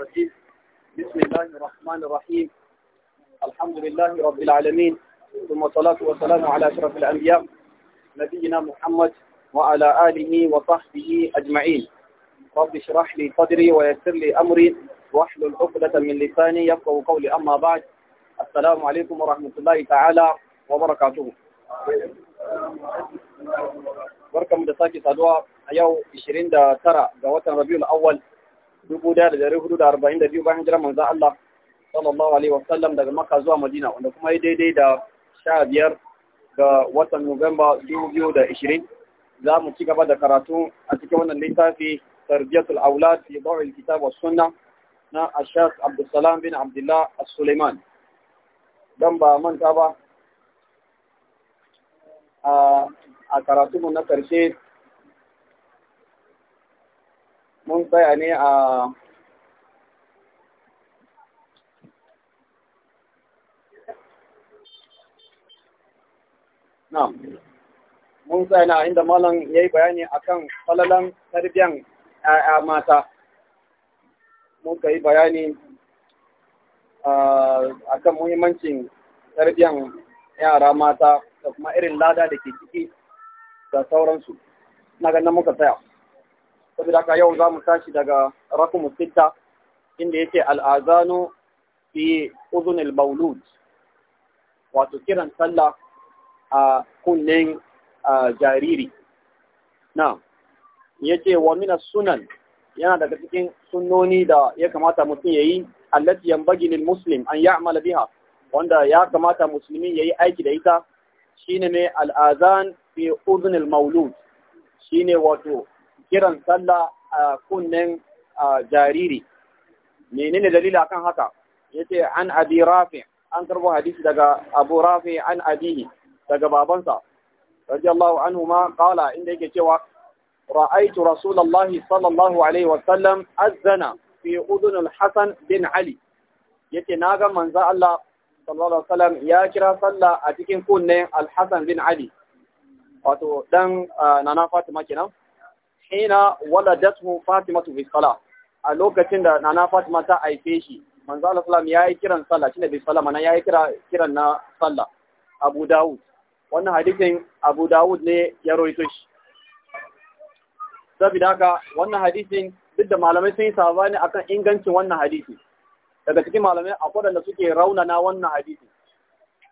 الرجيم بسم الله الرحمن الرحيم الحمد لله رب العالمين ثم صلاة وسلام على أشرف الأنبياء نبينا محمد وعلى آله وصحبه أجمعين رب اشرح لي صدري ويسر لي أمري واحلل عقدة من لساني يفقه قولي أما بعد السلام عليكم ورحمة الله تعالى وبركاته بركة da sake saduwa a yau ترى ga watan rabiul dubu da dari hudu da arba'in da biyu bayan jiran manzan Allah sallallahu alaihi wasallam daga Makka zuwa Madina wanda kuma ya daidai da sha biyar ga watan Nuwamba 2020, za mu ci gaba da karatu a cikin wannan littafi tarbiyatul aulad fi dawil kitab was sunna na Ashaq Abdulsalam bin Abdullah As-Sulaiman dan ba manta ba a karatu na karshe mun tsaya ne a na Mun tsaya na inda malam ya yi bayani akan falalan tarbiyan ‘ya'ya mata. Mun ka yi bayani kan muhimmancin tarbiyan yara mata da kuma irin lada da ke ciki da sauransu. Na ganin muka tsaya. saboda ka yau za mu tashi daga rakumu sita inda yake al'azanu fi uzunil maulud wato kiran sallah a kunnen jariri na ce wa mina sunan yana daga cikin sunnoni da ya kamata mutum yayi allati yanbaghi lil muslim an ya'mala biha wanda ya kamata musulmi yi aiki da ita shine mai al'azan fi uzunil maulud shine wato kiran sallah a kunnen jariri menene dalili akan haka yace an abi rafi an karbo hadisi daga abu rafi an abihi daga babansa radiyallahu anhu ma qala inda yake cewa ra'aytu rasulullahi sallallahu alaihi wa sallam azana fi udun al-hasan bin ali yace naga manzo Allah sallallahu alaihi wa sallam ya kira sallah a cikin kunne al-hasan bin ali wato dan nana fatima kenan hina dasu Fatima tu bisala a lokacin da nana fatima ta haife shi manzo Allah sallam yi kiran sallah shine bi sala mana yi kira kiran na sallah Abu Dawud wannan hadisin Abu Dawud ne ya roito shi Sabida haka wannan hadisin duk da malamai sun yi sabani akan ingancin wannan hadisi daga cikin malamai akwai da suke raunana wannan hadisi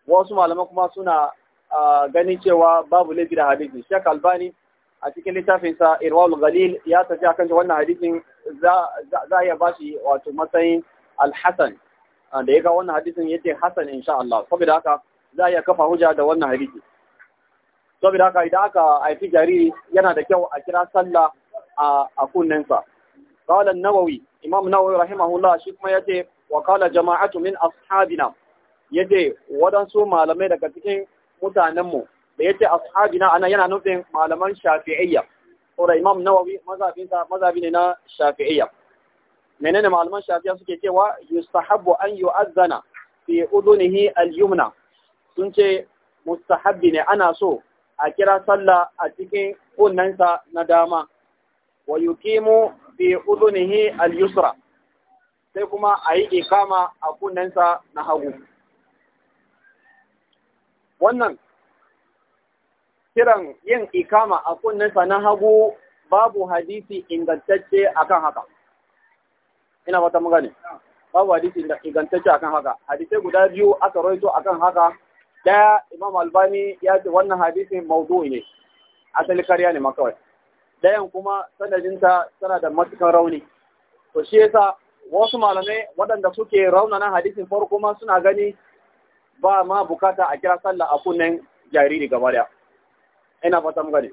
wasu malamai kuma suna ah, ganin cewa babu laifi da hadisi Sheikh Albani a cikin littafin sa irwal galil ya tafi akan wannan hadisin za ya bashi wato matsayin alhasan da ya ga wannan hadisin ce hasan insha Allah saboda haka za ya kafa hujja da wannan hadisi saboda haka idan aka haifi jariri yana da kyau a kira sallah a sa. qala an-nawawi imam nawawi rahimahullah shi kuma yace wa qala jama'atu min ashabina yace wadansu malamai daga cikin mutanen mu da yace ashabina ana yana nufin malaman shafi'iyya saboda imam nawawi mazhabi ne na shafi'iyya menene malaman shafi'iyya suke cewa yustahabbu an yu'azzana fi udunihi al-yumna sun ce mustahabbi ne ana so a kira sallah a cikin kunnensa na dama wa yuqimu fi udunihi al-yusra sai kuma a yi ikama a kunnensa na hagu. Wannan kiran yin ikama a kunninsa na hagu babu hadisi ingantacce akan haka. Ina fata mu Babu hadisi ingantacce akan haka. Hadisai guda biyu aka roito akan haka. Daya Imam Albani ya ce wannan hadisi maudu ne. Asali karya ne makawai. Dayan kuma sanadinta tana da matukan rauni. To shi yasa wasu malamai waɗanda suke raunana hadisin farko ma suna gani ba ma bukata a kira sallah a kunnen jariri gaba daya. ina fata mu gane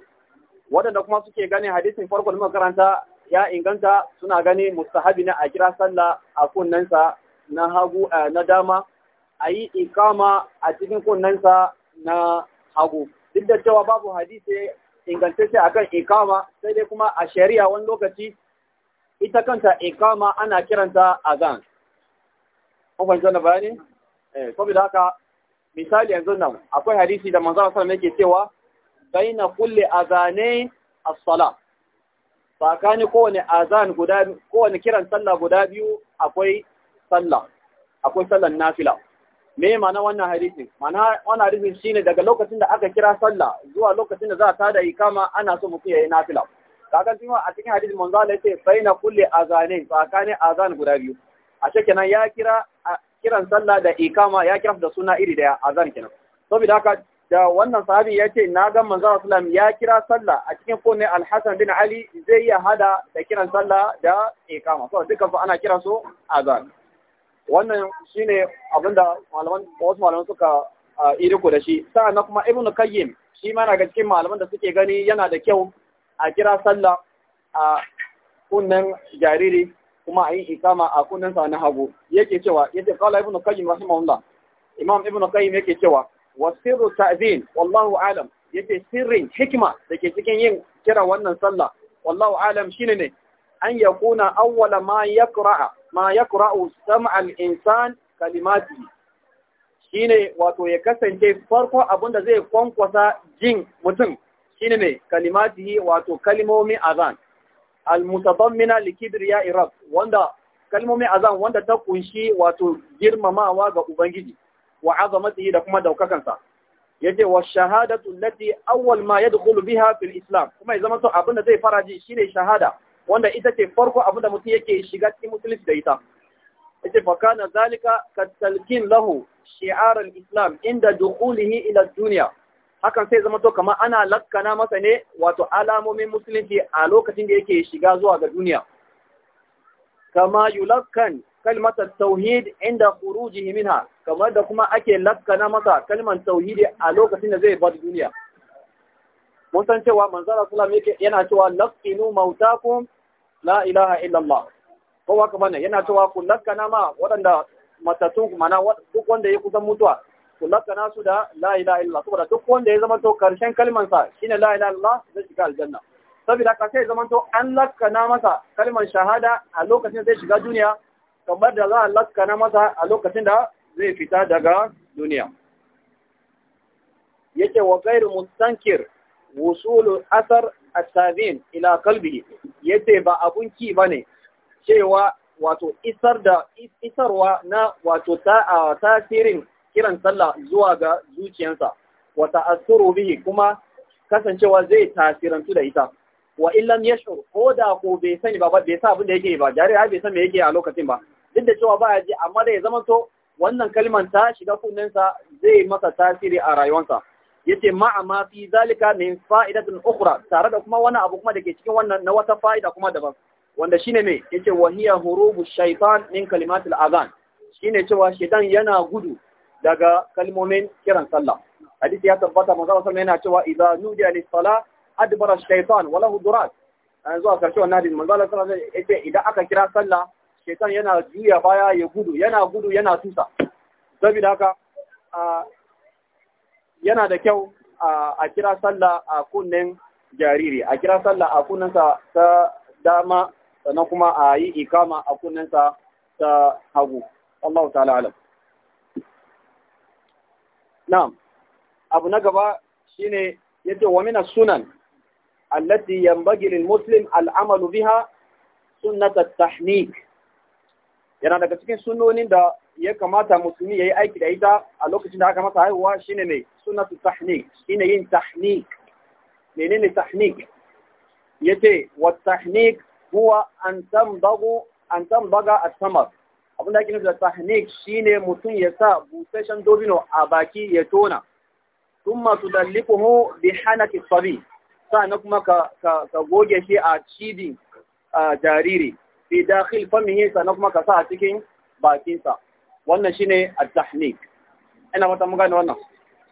waɗanda kuma suke gane hadisin farko da makaranta ya inganta suna gani mustahabi ne a kira sallah a kunnensa na hagu eh, na dama a yi ikama a cikin kunnensa na hagu duk da cewa babu hadisi ingantacce akan ikama sai dai kuma a shari'a wani lokaci ita kanta ikama ana kiranta azan kun fahimta na bayani eh saboda haka misali yanzu nan akwai hadisi da manzo sallallahu alaihi wasallam yake cewa baina kulli azanain as-salah tsakani kowane azan guda kowane kiran sallah guda biyu akwai sallah akwai sallan nafila me ma'ana wannan hadisi ma'ana wannan hadisi shine daga lokacin da aka kira sallah zuwa lokacin da za ta da ikama ana so mu kiyaye nafila kaga kuma a cikin hadisi manzo Allah yace baina kulli azanin tsakani azan guda biyu a kenan ya kira kiran sallah da ikama ya kira da suna iri daya azan kenan saboda haka da wannan sahabi ya ce na ga manzo sallam ya kira sallah a cikin kone al-Hasan bin Ali zai iya hada da kiran sallah da iqama so dukan su ana kira su azan wannan shine abinda malaman wasu malaman suka iri ko da shi na kuma Ibn Kayyim shi ma ga cikin malaman da suke gani yana da kyau a kira sallah a kunnen jariri kuma a yi ikama a kunnen sa na hagu yake cewa yake qala Ibn kayyim rahimahullah Imam Ibn kayyim yake cewa Wasiru ta'zin wallahu alam yace sirrin hikima dake cikin yin kira wannan sallah wallahu alam shine ne an yakuna awwala ma yaqra'a ma yaqra'u sam'a al-insan kalimati shine wato ya kasance farko abinda zai kwankwasa jin mutum shine ne kalimatihi wato kalmomin azan al-mutadammina li kibriya rabb wanda azan wanda ta kunshi wato girmamawa ga ubangiji wa azamatihi da kuma daukakansa yace wa shahadatu allati awwal ma yadkhulu biha fil islam kuma ya zama to abinda zai fara ji shine shahada wanda ita ce farko abinda mutum yake shiga cikin musulunci da ita yace fa kana zalika katalkin lahu shi'ar al islam inda dukhulihi ila dunya hakan sai zama to kama ana lakkana masa ne wato alamomin musulunci a lokacin da yake shiga zuwa ga duniya kama yulakkan kalmatar tauhid inda kurujihi minha kamar da kuma ake laskana masa kalmar tauhidi a lokacin da zai bar duniya mun san cewa manzara sallam yake yana cewa laqinu mautakum la ilaha illa Allah kowa kamar nan yana cewa ku laskana ma waɗanda matatu mana duk wanda ya kusan mutuwa ku laskana su da la ilaha illa saboda duk wanda ya zama to karshen kalmar sa shine la ilaha illa zai shiga aljanna saboda ka sai zama to an laskana masa kalmar shahada a lokacin da zai shiga duniya kamar da za a na masa a lokacin da zai fita daga duniya yake wa gairu mustankir wusulu asar a asabin ila kalbi yace ba abun ki ba ne. cewa wato isar da isarwa na wato tasirin kiran sallah zuwa ga zuciyarsa wata asuru bihi kuma kasancewa zai tasirantu da ita wa illam yashur ko da ko bai sani ba bai sa abin da yake ba jari ai bai san me yake a lokacin ba duk da cewa baya ji amma da ya zama to wannan kaliman ta shiga kunninsa zai masa tasiri a rayuwarsa yace ma'a ma fi zalika min fa'idatin ukhra tare da kuma wani abu kuma dake cikin wannan na wata fa'ida kuma daban wanda shine me yace wahiya hurubu shaytan min kalimatil azan shine cewa shaytan yana gudu daga kalmomin kiran sallah hadisi ya tabbata manzo sallallahu yana cewa idza nudiya lis salah adbara shaytan wa lahu durat an zuwa karshe wannan hadisi manzo sallallahu alaihi wasallam yace idan aka kira sallah shekan yana juya baya ya gudu yana gudu yana tusa saboda haka yana da kyau a kira sallah a kunnen jariri a kira sallah a kunnensa ta dama sannan kuma a yi ikama a kunnensa ta hagu Allah ta alam na'am abu na gaba shine yace wa mina sunan allati yanbaghi lil muslim al'amalu biha sunnat at tahnik yana daga cikin sunonin da ya kamata musulmi yi aiki da ita a lokacin da aka masa haihuwa ne mai su tahnik ne yin tahnik ne tahnik yace wa tahnik kuwa an san baga a samar da ake nufi da tahnik shine mutum ya sa busasshen dobino a baki ya tona sun masu tudallikuhu bi kifari sa na kuma ka goge shi a cibin jariri fi dakhil famihi sannan kuma ka sa a cikin bakinsa wannan shine at-tahnik ina fata mun gane wannan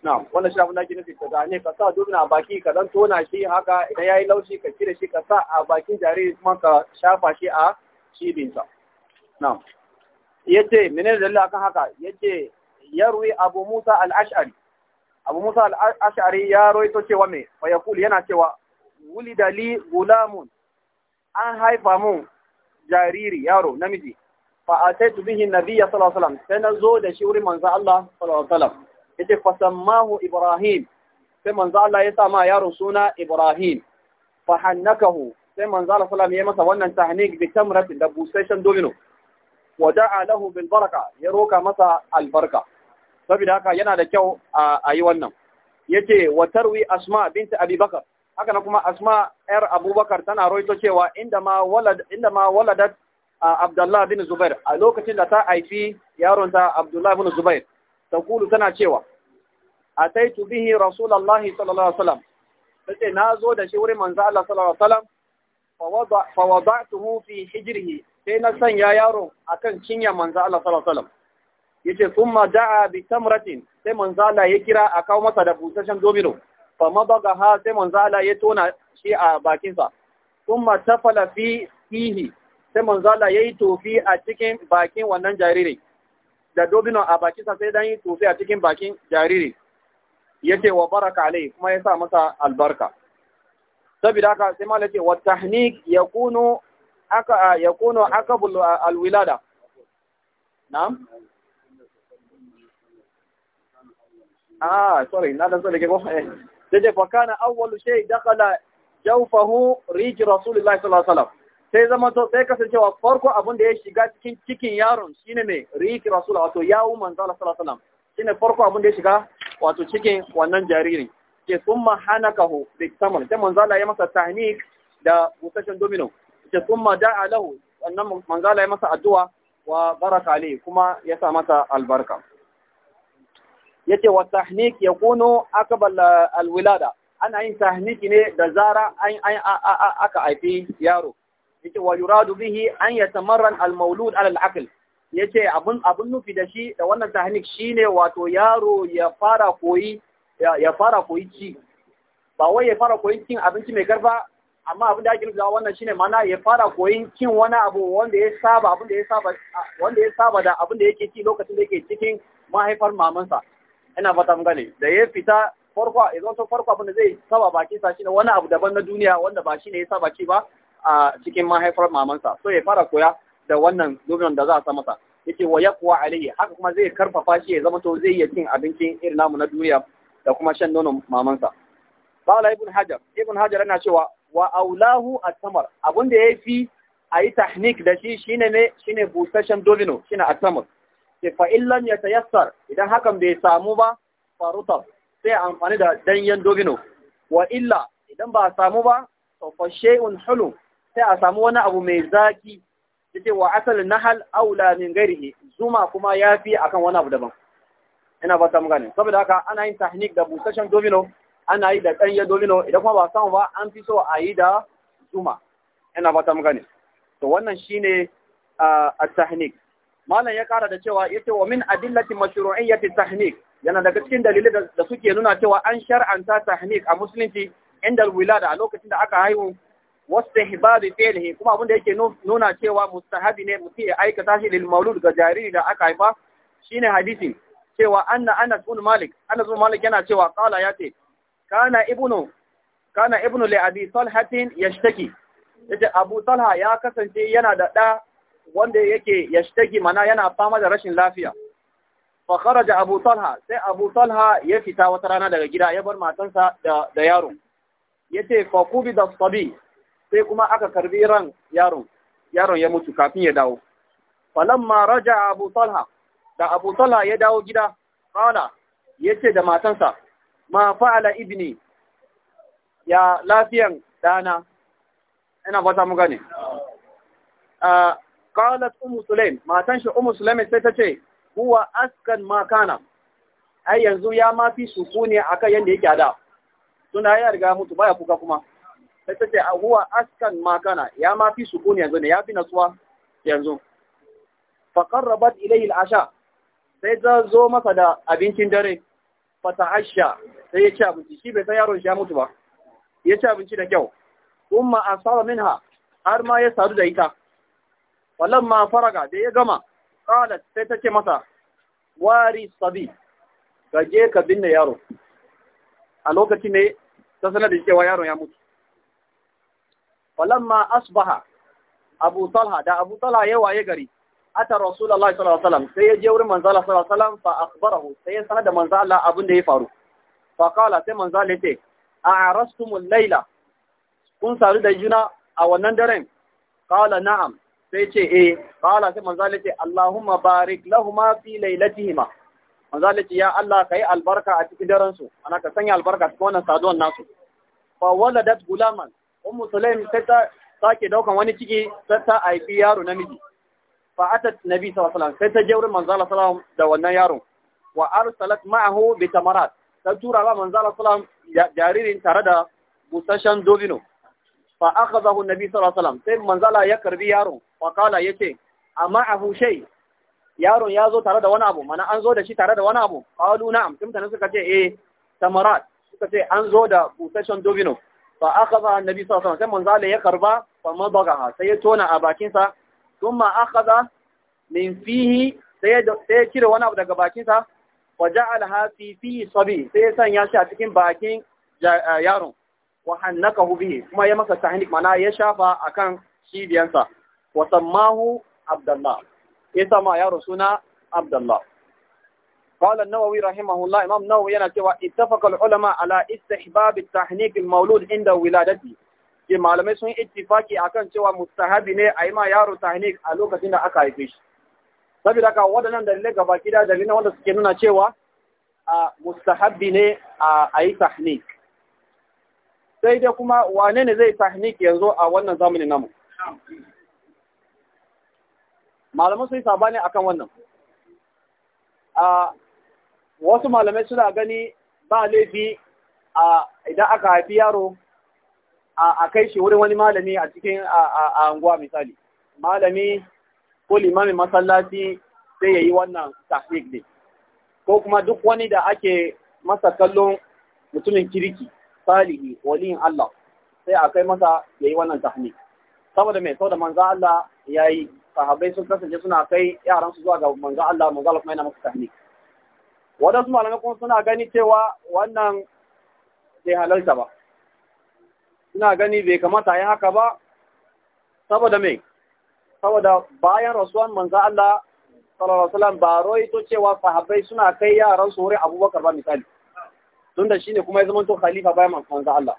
na'am wannan shi abin da ake nufi da ne ka sa dubna a baki ka dan tona shi haka idan yayi laushi ka cire shi ka sa a bakin jariri kuma ka shafa shi a cibinsa na'am yace menene dalili akan haka yace yarwi abu musa al-ash'ari abu musa al-ash'ari ya roito cewa me fa yaqul yana cewa wulida li gulamun an haifa mun jariri yaro namiji fa ataitu bihi nabiyya sallallahu alaihi wasallam sai na zo da shi wurin manzo Allah sallallahu alaihi wasallam yace fa sammahu ibrahim sai manzo Allah ya sa ma yaro suna ibrahim fa hannakahu sai manzo Allah sallallahu alaihi wasallam ya masa wannan tahnik bi tamratin da busasshen domino wa da'a lahu bil baraka ya roka masa albarka saboda haka yana da kyau a yi wannan yace wa tarwi asma binti abi haka na kuma asma yar abubakar tana roito cewa inda ma waladat abdullahi bin zubair a lokacin da ta haifi yaronta Abdullahi bin zubair kulu tana cewa a yi bihi Rasulallah sallallahu ta ce na zo da shi wurin manzo Allah sallallahu alaihi wasallam fa wada'tuhu fi hijirhi sai na sanya yaron kan cinya manzo Allah sallallahu alaihi ya ce kuma da'a bi tamratin sai manzo Allah ya kira a kawo masa da busashen domino fa madaga ha sai manzo Allah ya tona shi a bakinsa kuma tafala fi fihi sai manzo Allah yayi tofi a cikin bakin wannan jariri da dobino a bakinsa sai dan yi tofi a cikin bakin jariri yace wa baraka alai kuma ya sa masa albarka saboda haka sai malaka wa tahnik yakunu aka yakunu bulu alwilada na'am ah sorry na da so ke ko eh sai fa kana awwalu shay dakala jawfahu rij rasulullahi sallallahu alaihi wasallam sai zama to sai kasancewa farko abin da ya shiga cikin cikin yaron shine mai rij rasul wato yawo manzo Allah sallallahu alaihi wasallam shine farko abin da ya shiga wato cikin wannan jaririn ke summa hanakahu bi tamam sai manzo Allah ya masa tahnik da busashen domino ke summa da'a lahu wannan manzo ya masa addu'a wa baraka alayhi kuma ya sa masa albarka yace wa tahnik yakunu akbal alwilada ana yin tahniki ne da zara an aka haifi yaro yace wa yuradu bihi an yatamarran maulud ala alaql yace abun abun nufi da shi da wannan tahnik shine wato yaro ya fara koyi ya fara koyi ci ba wai ya fara koyi cin abinci mai garba amma abin da ake nufi wannan shine mana ya fara koyi cin wani abu wanda ya saba abin da ya saba wanda ya saba da abin da yake ci lokacin da yake cikin mahaifar mamansa ina fata mun gane da ya fita farko ya zo farko abin da zai saba baki sa shine wani abu daban na duniya wanda ba shine ya saba ci ba a cikin mahaifar mamansa so ya fara koya da wannan dominon da za a sa masa yake wa yaqwa alayhi haka kuma zai karfafa shi ya zama to zai iya cin abincin irin namu na duniya da kuma shan nonon mamansa qala ibn hajar ibn hajar yana cewa wa aulahu at-tamar abinda fi ayi tahnik da shi shine ne shine busashen domino shine at-tamar ce fa illan ya tayassar idan hakan bai samu ba farutab sai amfani da danyen dogino wa illa idan ba samu ba to fa shay'un hulum sai a samu wani abu mai zaki yace wa asal nahal aula min ghairihi zuma kuma yafi akan wani abu daban ina ba ta gane saboda haka ana yin tahnik da busashen domino ana yi da danyen domino idan kuma ba samu ba an fi so a yi da zuma ina ba ta gane to wannan shine a ah, tahnik malam ya kara da cewa yace wa min adillati mashru'iyyati tahnik yana daga cikin dalilai da suke nuna cewa an shar'anta tahnik a musulunci inda wilada a lokacin da aka haihu wastihbabi fi'lihi kuma abin da yake nuna cewa mustahabi ne mutum ya aikata shi lil maulud ga jariri da aka haifa shine hadisi cewa anna Anas ibn Malik Anas ibn Malik yana cewa qala yace kana ibnu kana ibnu li abi talhatin yashtaki yace abu talha ya kasance yana da da wanda yake ya yashtagi mana yana fama da rashin lafiya Fakara da abu talha sai abu talha ya fita wata rana daga gida ya bar matansa da, yaro. Ya ce fa da sabi sai kuma aka karbi ran yaron yaron ya mutu kafin ya dawo falan raja abu talha da abu talha ya dawo gida ya ce da matansa ma fa'ala ibni ya lafiyan dana ina fata mu gane ah, qalat ummu matan shi ummu sulaim sai ta ce huwa askan ma kana ai yanzu ya ma fi sukuni akan yanda yake da suna ya riga mutu baya kuka kuma sai ta ce huwa askan ma ya ma fi yanzu ne ya fi natsuwa yanzu fa qarrabat ilayhi al-asha sai ta zo masa da abincin dare fata asha sai ya ci abinci shi bai san yaron shi ya mutu ba ya ci abinci da kyau umma asara minha har ma ya sadu da ita falon ma faraga da ya gama ƙalat sai ta ce masa wari sabi ka je ka binne yaro a lokaci ne ta sanar da cewa yaron ya mutu falon ma asbaha abu talha da abu talha ya waye gari ata Rasulallah sallallahu alaihi sai ya je wurin manzo Allah sallallahu alaihi fa akhbarahu sai ya sanar da manzo Allah abin da ya faru fa qala sai manzo Allah ce a'arastumul layla kun sadu da juna a wannan daren qala na'am sai ce eh qala sai manzo Allah ce Allahumma barik lahumma fi lailatihima manzo Allah ce ya Allah kai albarka a cikin daren su ana ka sanya albarka cikin wannan saduwan nasu fa waladat gulaman ummu sulaim sai ta sake daukan wani ciki sai ta haifi yaro namiji fa atat nabi sallallahu alaihi wasallam sai ta je wurin manzo Allah sallallahu alaihi wasallam da wannan yaron wa arsalat ma'ahu bi tamarat ta tura ba manzo Allah sallallahu alaihi wasallam jaririn tare da busashen dobino fa akhadahu nabi sallallahu alaihi wasallam sai Manzala ya karbi yaron Wakala ya ce, amma a hushe, yaron ya zo tare da wani abu, mana an zo da shi tare da wani abu, ƙalu na'am, tumtana suka ce, eh, samarat, suka ce an zo da busashen dubino, fa aka ba annabi sallallahu alaihi wasallam sai manzala ya karba fa madaga sai ya tona a bakinsa tun ma thumma akhadha min fihi sai ya cire wani abu daga bakinsa wa ja'alaha fi fi sabi sai ya sanya shi a cikin bakin eh, yaron wa hannakahu bihi kuma ya masa tahnik mana ya shafa akan cibiyansa wa sammahu Abdullah yasa ma yaro suna Abdullah قال النووي رحمه الله إمام نووي yana cewa اتفق العلماء على استحباب التحنيك المولود عند ولادته ke malamai sun ittifaki akan cewa mustahabi ne a yi ma yaro tahnik a lokacin da aka haife shi saboda ka waɗannan dalilai gaba gida dalilai wanda suke nuna cewa a mustahabi ne a yi tahnik sai dai kuma wane ne zai tahnik yanzu a wannan zamanin namu Malamai sun yi sabani akan wannan a wasu malamai suna gani ba laifi a idan aka haifi yaro a kai shi wurin wani malami a cikin a anguwa misali malami ko limamin masallaci sai ya yi wannan tahrik ne ko kuma duk wani da ake masa kallon mutumin kirki salihi waliyin Allah sai a kai masa ya yi wannan tahrik saboda mai saboda manzan Allah ya yi sahabbai sun kasance suna kai yaran su zuwa ga manzo Allah manzo Allah kuma yana musu tahni wadansu malamai kuma suna gani cewa wannan bai halalta ba suna gani bai kamata yi haka ba saboda me saboda bayan rasuwan manzo Allah sallallahu alaihi wasallam ba to cewa sahabbai suna kai yaran su wurin Abubakar ba misali tunda shine kuma ya zama to khalifa bayan manzo Allah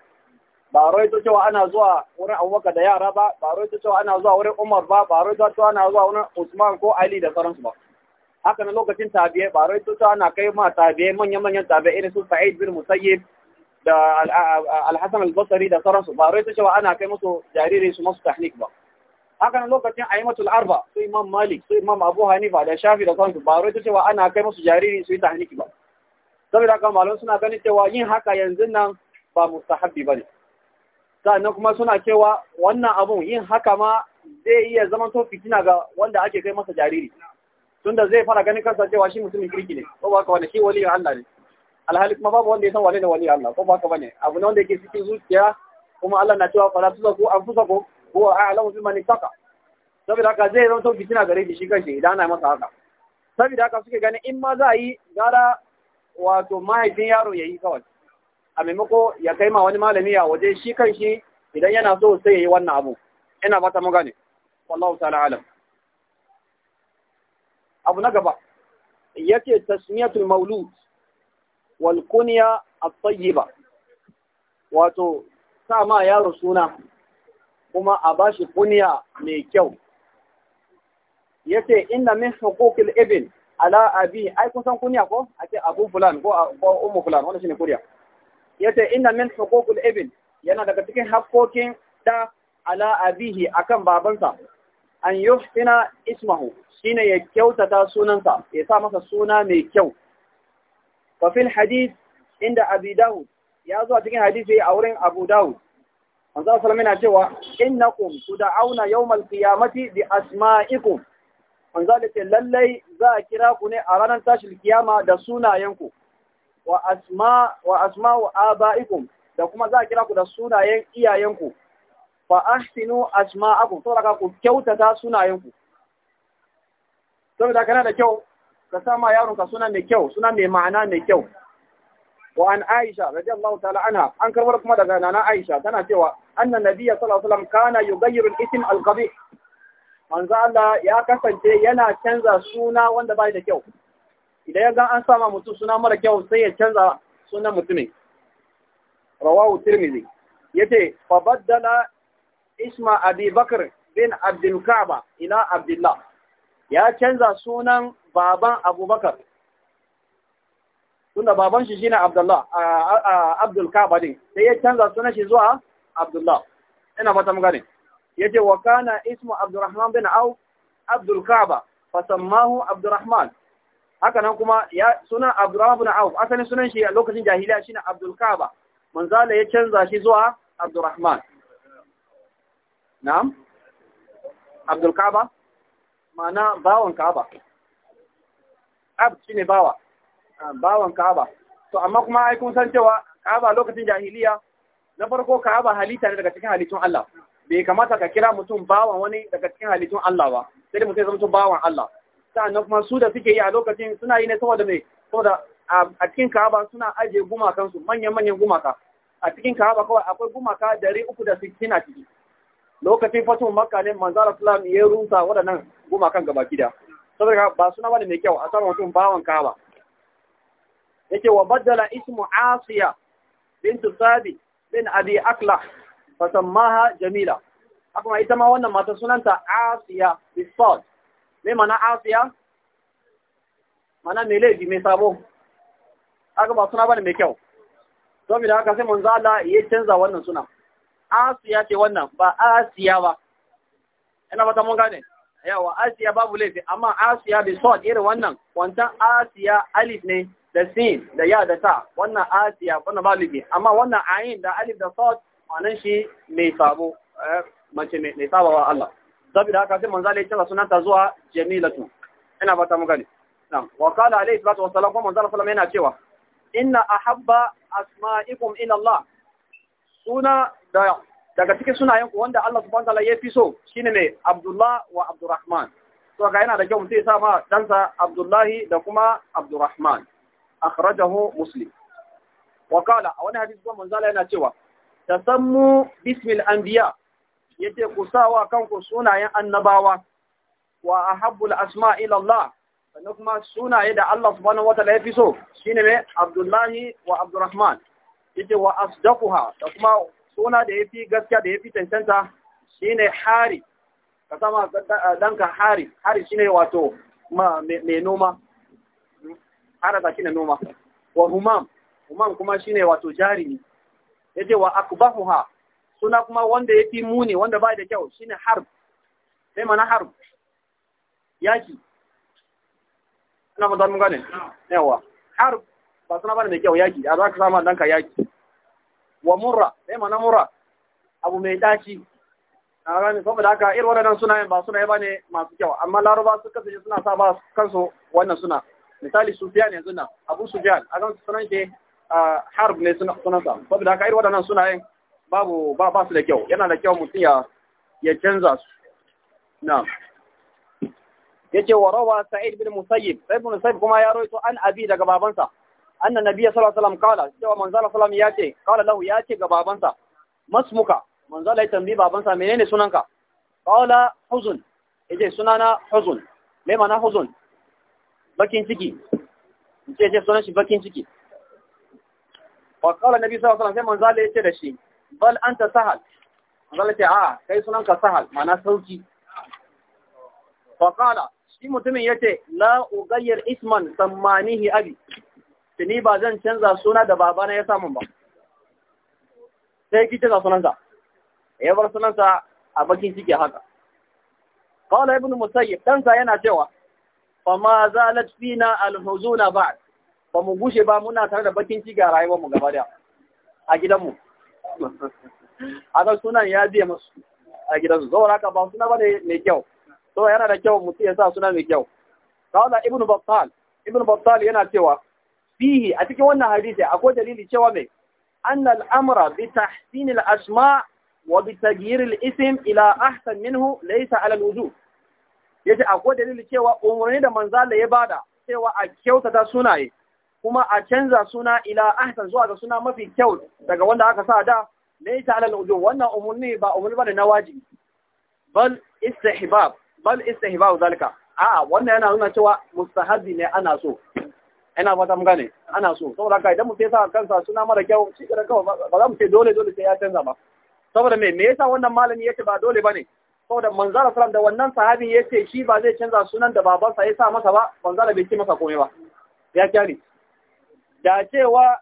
ba rawaito cewa ana zuwa wurin abubakar da yara ba ba rawaito cewa ana zuwa wurin umar ba ba rawaito cewa ana zuwa wurin usman ko ali da sauransu ba haka na lokacin tabiye ba rawaito cewa ana kai ma tabiye manya-manyan tabiye irin su sa'id bin musayyib da alhassan albasari da sauransu ba rawaito cewa ana kai musu jariri su masu tahnik ba haka na lokacin aimatul arba su imam malik su imam abu hanifa da shafi da sauransu ba rawaito cewa ana kai musu jariri su yi tahnik ba saboda haka malam suna ganin cewa yin haka yanzu nan ba mustahabbi bane sannan kuma suna cewa wannan abun yin haka ma zai iya zama to fitina ga wanda ake kai masa jariri tunda zai fara ganin kansa cewa shi mutumin kirki ne ko ba ka wani shi waliyin Allah ne alhali kuma babu wanda ya san wani ne waliyin Allah ko ba ka bane abu ne wanda yake cikin zuciya kuma Allah na cewa fara fusa ko ko a a'lamu mani saka. saboda haka zai zama to fitina gare shi shi kanshi idan ana masa haka saboda haka suke ganin in ma za a yi gara wato mahaifin yaro ya yi kawai a maimako ya kai ma wani malami a waje shi kan shi idan yana so sai ya yi wannan abu ina fata mu gane wallahu ta'ala alam abu na gaba yake tasmiyatul maulud wal kunya at-tayyiba wato sa ma yaro suna kuma a bashi kunya mai kyau yace inna min huquqil ibn ala abi ai kusan kunya ko ake abu fulan ko ummu fulan wannan shine kuriya yace inna min huququl ibn yana daga cikin hakkokin da ala abihi akan babansa an yuhsina ismahu shine ya kyautata sunansa ya sa masa suna mai kyau fa fil hadith inda abi daud ya zo a cikin hadisi a wurin abu daud manzo sallallahu alaihi wasallam cewa innakum tud'auna yawmal qiyamati bi asma'ikum manzo da ce lallai za a kira ku ne a ranar tashin kiyama da sunayenku wa asma wa asma wa abaikum da kuma za a kira ku da sunayen iyayenku fa ahsinu asma'akum to daga ku kyautata sunayenku saboda kana da kyau ka sama yaron ka suna mai kyau suna mai ma'ana mai kyau wa an Aisha radiyallahu ta'ala anha an karbar kuma daga nana Aisha tana cewa annan nabiyya sallallahu alaihi wasallam kana yughayyiru al-ism al-qabih manzo Allah ya kasance yana canza suna wanda bai da kyau idan ya gan an sama mutum suna mara kyau sai ya canza sunan mutumin rawahu tirmidhi yace fa baddala isma abi bakr bin abdul ka'ba ila abdullah ya canza sunan baban abubakar tunda baban shi shine abdullah abdul ka'ba din sai ya canza sunan shi zuwa abdullah ina fata mun gane yace wa kana ismu abdurrahman bin au abdul ka'ba fa sammahu abdurrahman haka nan kuma ya Suna Abdurrahman bin Auf asalin sunan shi a lokacin jahiliya shine Abdul Kaaba manzala ya canza shi zuwa Abdurrahman na'am Abdul Kaaba ma'ana bawan Kaaba abd shine bawa ah, bawan Kaaba to amma kuma ai kun san cewa Kaaba lokacin jahiliya na farko Kaaba halitta ne daga cikin halittun Allah bai kamata ka kira mutum bawan wani daga cikin halittun Allah ba sai mutum ya zama bawan Allah sa'annan kuma su da suke yi a lokacin suna yi ne saboda mai saboda a cikin Ka'aba suna ajiye gumakan su manyan manyan gumaka a cikin Ka'aba kawai akwai gumaka dari uku da sittin a ciki lokacin fatuwar Makka ne manzara Islam ya rusa waɗannan gumakan gaba gida saboda ba suna wani mai kyau a saman mutum bawan Ka'aba yake wa baddala ismu Asiya bin Sabi bin Abi Akla fasammaha Jamila haka ita ma wannan mata sunanta Asiya bisfod me mana asiya mana me laifi me sabo aka ba suna bane mai kyau domin da aka sai manzo Allah ya canza wannan suna asiya ce wannan ba asiya ba ina fata mun gane yawa asiya babu laifi amma asiya bi sod irin wannan wancan asiya alif ne da sin da ya da ta wannan asiya wannan ba laifi amma wannan ayin da alif da sod wannan shi mai sabo eh, mace mai sabawa Allah saboda haka sai manzo Allah ya sunanta zuwa jamilatu ina fata muka ne na'am wa qala alayhi salatu wa salam manzo Allah sallallahu yana cewa inna ahabba asma'ikum ila Allah suna da daga cikin sunayen ku wanda Allah subhanahu wa ta'ala ya fi so shine ne Abdullah wa Abdurrahman to ga yana da kyau mutum ya sa ma dansa Abdullahi da kuma Abdurrahman akhrajahu Muslim wa qala a wani hadisi kuma manzo yana cewa tasammu bismil anbiya' yace ku sawa kanku sunayen annabawa wa ahabbul asma ila Allah sannan kuma sunaye da Allah subhanahu wataala ya fi so shine ne Abdullahi wa Abdurrahman yace wa asdaquha da kuma suna da ya fi gaskiya da ya fi tantanta shine Hari ka sama danka Hari Hari shine wato mai noma haraka shine noma wa humam humam kuma shine wato jarimi yace wa akbahuha suna kuma wanda ya fi muni wanda ba da kyau shine harb sai mana harb yaki ina fata mun gane yawa harb ba suna bane mai kyau yaki a za ka dan ka yaki wa murra sai mana murra abu mai daci a gane saboda haka irin waɗannan suna ba suna ba ne masu kyau amma laruba su kasance suna sa ba kansu wannan suna misali sufiyan yanzu nan abu sufiyan a ga sunan ke ah, harb ne sunansa saboda haka irin waɗannan yin. babu ba ba su da kyau yana da kyau mutum ya ya canza su Ya yace wa rawa sa'id bin musayyib sa'id bin musayyib kuma ya rawaito an abi daga babansa anna nabiyya sallallahu alaihi wasallam kala cewa Manzala Salam ya ce, yace kala lahu yace ga babansa masmuka Muka, Manzala ya tambayi babansa menene sunanka kala huzun yace sunana huzun me mana huzun bakin ciki yace sunan shi bakin ciki wa kala nabi sallallahu alaihi wasallam sai Manzala ya yace da shi bal anta sahal Allah ce a kai sunanka sahal mana sauki qala shi mutumin yace la ugayyir isman sammanihi abi tani ba zan canza suna da babana ya samu ba sai ki canza sunansa ya bar sunansa a bakin ciki haka qala ibn musayyib dan sa yana cewa fa ma zalat fina alhuzuna ba'd ba mu gushe ba muna tare da bakin ciki a rayuwar mu gaba daya a gidanmu Ana sunan ya biya masu a gidansu zuwa haka ba suna ba ne mai kyau to yana da kyau mutum ya sa suna mai kyau da ibn battal ibn battal yana cewa fihi a cikin wannan hadisi akwai dalili cewa mai annal amra bi tahsin asma wa bi taghyir isim ila ahsan minhu laisa ala al yace akwai dalili cewa umarni da manzala ya bada cewa a kyautata sunaye kuma a canza suna ila ahsan zuwa ga suna mafi kyau daga wanda aka sa da laysa ala al-wujub wannan umurni ba umurni bane na wajibi bal istihbab bal istihbab zalika a'a wannan yana nuna cewa mustahabi ne ana so ina fata mun gane ana so saboda kai idan mu sai sa kansa suna mara kyau shi kira kawai ba za mu sai dole dole sai ya canza ba saboda me me yasa wannan malami yace ba dole bane saboda manzara sallam da wannan sahabi yace shi ba zai canza sunan da babansa ya sa masa ba manzara bai ce masa komai ba ya kyari da cewa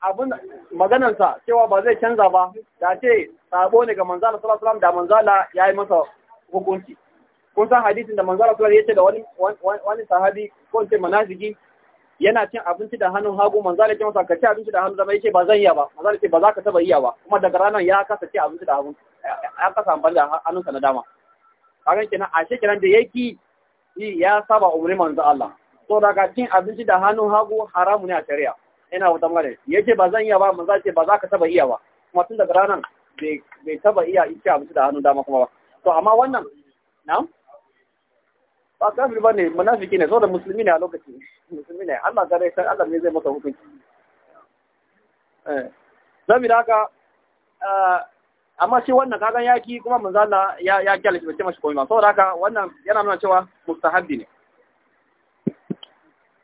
abin maganansa cewa ba zai canza ba da ce sabo ne ga manzala sallallahu alaihi da manzala ya yi masa hukunci kun san hadisin da manzala sallallahu alaihi wasallam yace da wani wani sahabi ko ce manazigi yana cin abinci da hannun hagu manzala ya yake masa ka ci abinci da hannun dama yace ba zan iya ba manzala ce ba za ka taba iya ba kuma daga ranar ya kasa ci abinci da hannun ya kasa amfani da hannunsa na dama kaga kenan ashe kenan da yake ya saba umarnin manzo Allah to daga cin abinci da hannun hagu haramu ne a shari'a ina wata mare ce ba zan iya ba mun zace ba za ka taba iya ba kuma tun daga ranar bai taba iya ita abinci da hannu dama kuma ba to amma wannan na'am ba kafir bane munafiki ne saboda musulmi ne a lokacin musulmi ne Allah gare sai Allah ne zai masa hukunci eh da haka eh, amma shi wannan kagan yaki kuma manzo Allah ya ya kyalace shi ce mashi komai ba saboda haka wannan yana nuna cewa mustahabbi ne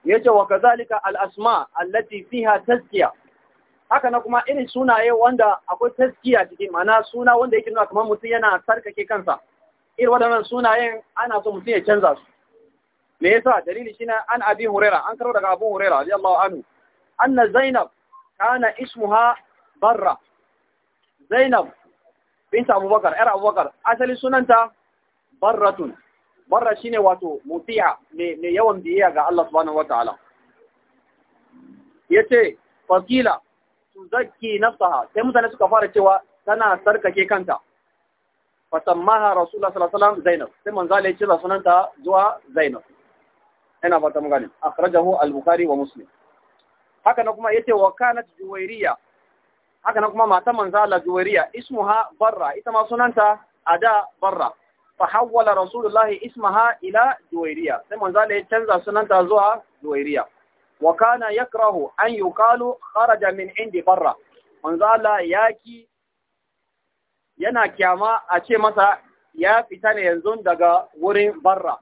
Ya ce wa kazalika al-asma allati fiha tazkiya haka na kuma irin sunaye wanda akwai taskiya cikin mana suna wanda yake nuna kamar mutum yana sarkake kansa irin waɗannan sunayen ana so mutum ya canza su me yasa dalili shine an abi hurera an karo daga abu huraira radiyallahu anhu anna zainab kana ismuha barra zainab Binta abubakar yar abubakar asali sunanta barratun barra shine wato mutiya mai yawan biyayya ga Allah subhanahu wataala yace fakila tuzakki nafsaha sai mutane suka fara cewa tana sarkake kanta fatammaha rasulullah sallallahu alaihi wasallam zainab sai manzo Allah ya ce sunanta zuwa zainab ina fata mun gane akhrajahu al-bukhari wa muslim haka na kuma yace wa kanat juwairiya haka na kuma matan manzo Allah juwairiya ismuha barra ita ma sunanta ada barra fa rasulullahi ismaha ila juwairiya sai manzala ya canza sunanta zuwa juwairiya wa kana yakrahu an yuqalu kharaja min indi barra Manzala yaki yana kyama a ce masa ya fita ne yanzu daga wurin barra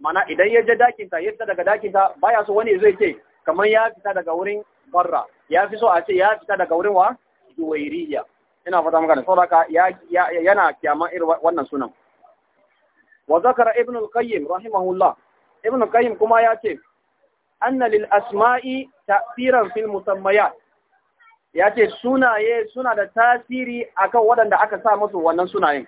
mana idan ya je dakinta ya fita daga dakinta baya so wani zai ce kamar ya fita daga wurin barra ya fi so a ce ya fita daga wurin wa juwairiya ina fata maka da saboda yana kyama irin wannan sunan wa zakara ibn al-qayyim rahimahullah ibn al-qayyim kuma ya ce anna lil asma'i ta'thiran fil musammayat ya ce sunaye suna da tasiri akan waɗanda aka sa musu wannan sunayen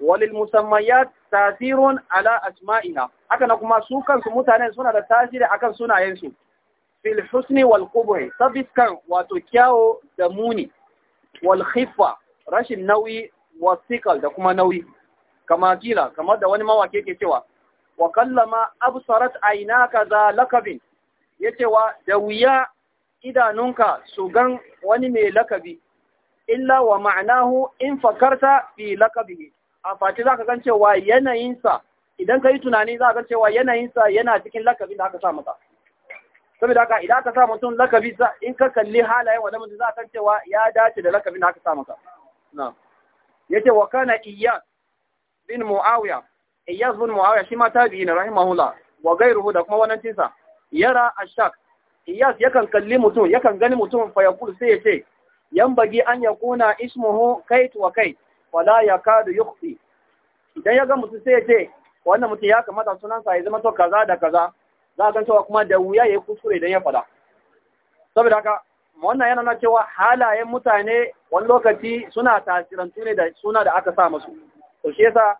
walil musammayat tasirun ala asma'ina haka na kuma su kansu mutanen suna da tasiri akan sunayensu fil husni wal qubh tabiskan wato kyawo da muni wal khifa rashin nauyi wa da kuma nauyi kama kila kamar da wani mawake ke cewa wa kallama absarat aynaka za lakabin yace wa da wuya idanunka su gan wani mai lakabi illa wa ma'anahu in fakarta fi lakabihi a fati zaka gan cewa yanayinsa idan ka yi tunani za ka cewa yanayinsa yana cikin lakabin da aka sa maka Saboda haka idan aka sa mutum lakabi za in ka kalli halayen wanda mutum za ka cewa ya dace da lakabin da aka sa maka Ya ce wa kana iya bin Muawiya iyaz bin Muawiya shi ma tabi'i ne rahimahullah wa gairuhu da kuma wannan tinsa yara ashak Iyaz yakan kalli mutum yakan gani mutum fa yaqul sai ya ce 'yan yambagi an yakuna ismuhu kai wa kai wala kadu yukhfi idan ya ga mutum sai ya ce wannan mutum ya kamata sunansa ya zama to kaza da kaza za ka cewa kuma da wuya ya yi kuskure idan ya fada saboda haka wannan yana na cewa halayen mutane wani lokaci suna tasirantu ne da suna da aka sa musu to shi yasa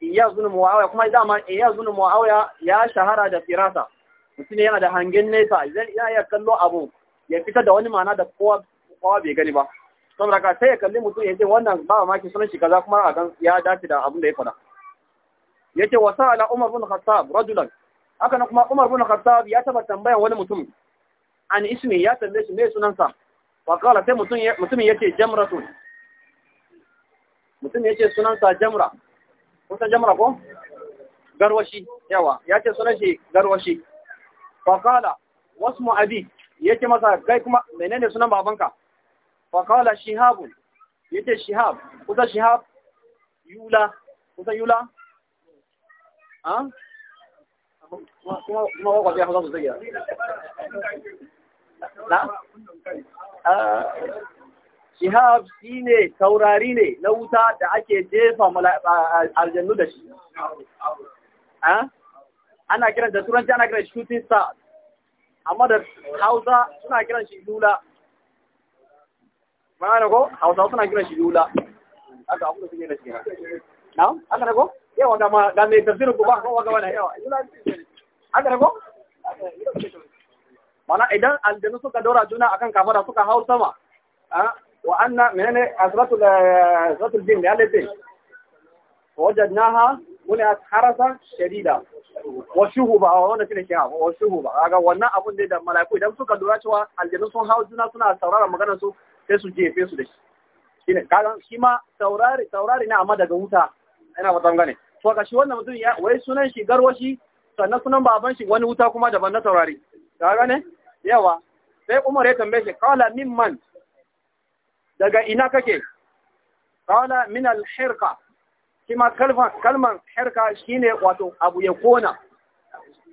Iyaz bin Muawiya kuma man Iyaz bin Muawiya ya shahara da firasa mutum yana da hangen nesa zai iya kallo abu ya fitar da wani ma'ana da kowa kowa bai gani ba saboda ka sai ya kalli mutum ya ce wannan ba ki sunan shi kaza kuma a gan ya dace da abin da ya faɗa yace wa sa'ala Umar bin Khattab rajulan haka kuma Umar bin Khattab ya taba tambayan wani mutum an ismi ya tambaye shi me sunansa wa qala sai mutum mutum yace jamratun mutum ya ce sunansa jamra Kusan jamra ko garwashi yawa ya ce sunan shi garwashi fakala wasu mu'abi ya ce masa gai kuma menene sunan babanka fakala shihabun ya ce shihab kusa shihab yula kusa yula ha kuma wakwabi ya hausa sosai ya na ah. shihab shi ne taurari ne na wuta da ake jefa aljannu da shi ana kiran da turanci ana kiran shooting star amma da hausa suna kiran shi lula na ko hausa suna kiran shi lula aka abu da suke da shi na aka na ko yawa da ma da mai tafsirin ku ba ko waga wani yawa aka na ko mana idan aljanu suka dora juna akan kafara suka hau sama وأن من أسرة أسرة الجن لأهل الجن وجدناها منعت حرسا شديدا washuhuba a wannan shine kiyawa washuhuba kaga wannan abun da da malaiku idan suka lura cewa aljanu sun hau juna suna sauraron maganar su sai su jefe su da shi shi ma saurari saurari amma daga wuta ina ba tangane to ga shi wannan mutum ya wai sunan shi garwashi sannan sunan baban shi wani wuta kuma daban na saurari kaga ne yawa sai Umar ya tambaye shi nin man. daga ina kake qala min al kima kalma kalman hirqa shine wato abu ya kona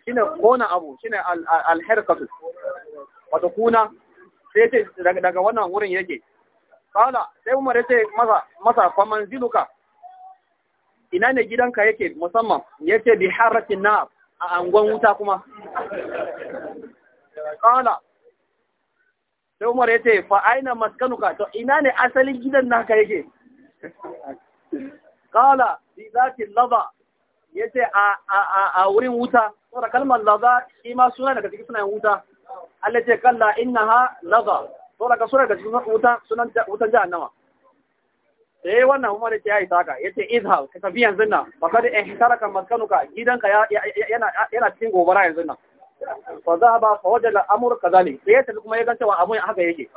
shine kona abu shine al wato kuna sai ce daga wannan wurin yake qala sai Umar ya ce masa masa faman ziluka ina ne gidanka yake musamman yace bi haratin na a angon wuta kuma qala sai Umar ya ce fa aina maskanuka to ina ne asalin gidan naka yake kala fi zati laza yace a a wurin wuta saboda kalmar laza shi ma suna daga cikin sunayen wuta Allah ce kalla ha laza saboda ka suna daga cikin wuta sunan wutan jahannama sai wannan Umar ya yi saka yace izhal ka tafi yanzu nan fa hitar in taraka maskanuka gidanka yana yana cikin gobara yanzu nan fa za ba fa wajen al'amur ka sai ta kuma ya gan abun haka yake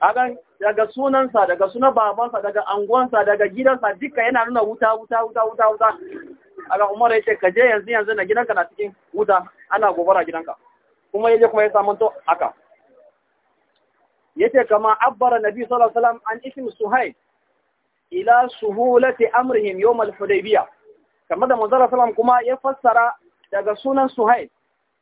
agan daga sunansa daga sunan babansa daga anguwansa daga gidansa duka yana nuna wuta wuta wuta wuta wuta aga umar ya ce ka je yanzu yanzu na gidanka na cikin wuta ana gobara gidanka kuma yaje kuma ya samu to haka yace kama abbara nabi sallallahu alaihi wasallam an ism suhayl ila suhulati amrihim yawm al-hudaybiyah Kama da manzara sallam kuma ya fassara daga sunan suhayl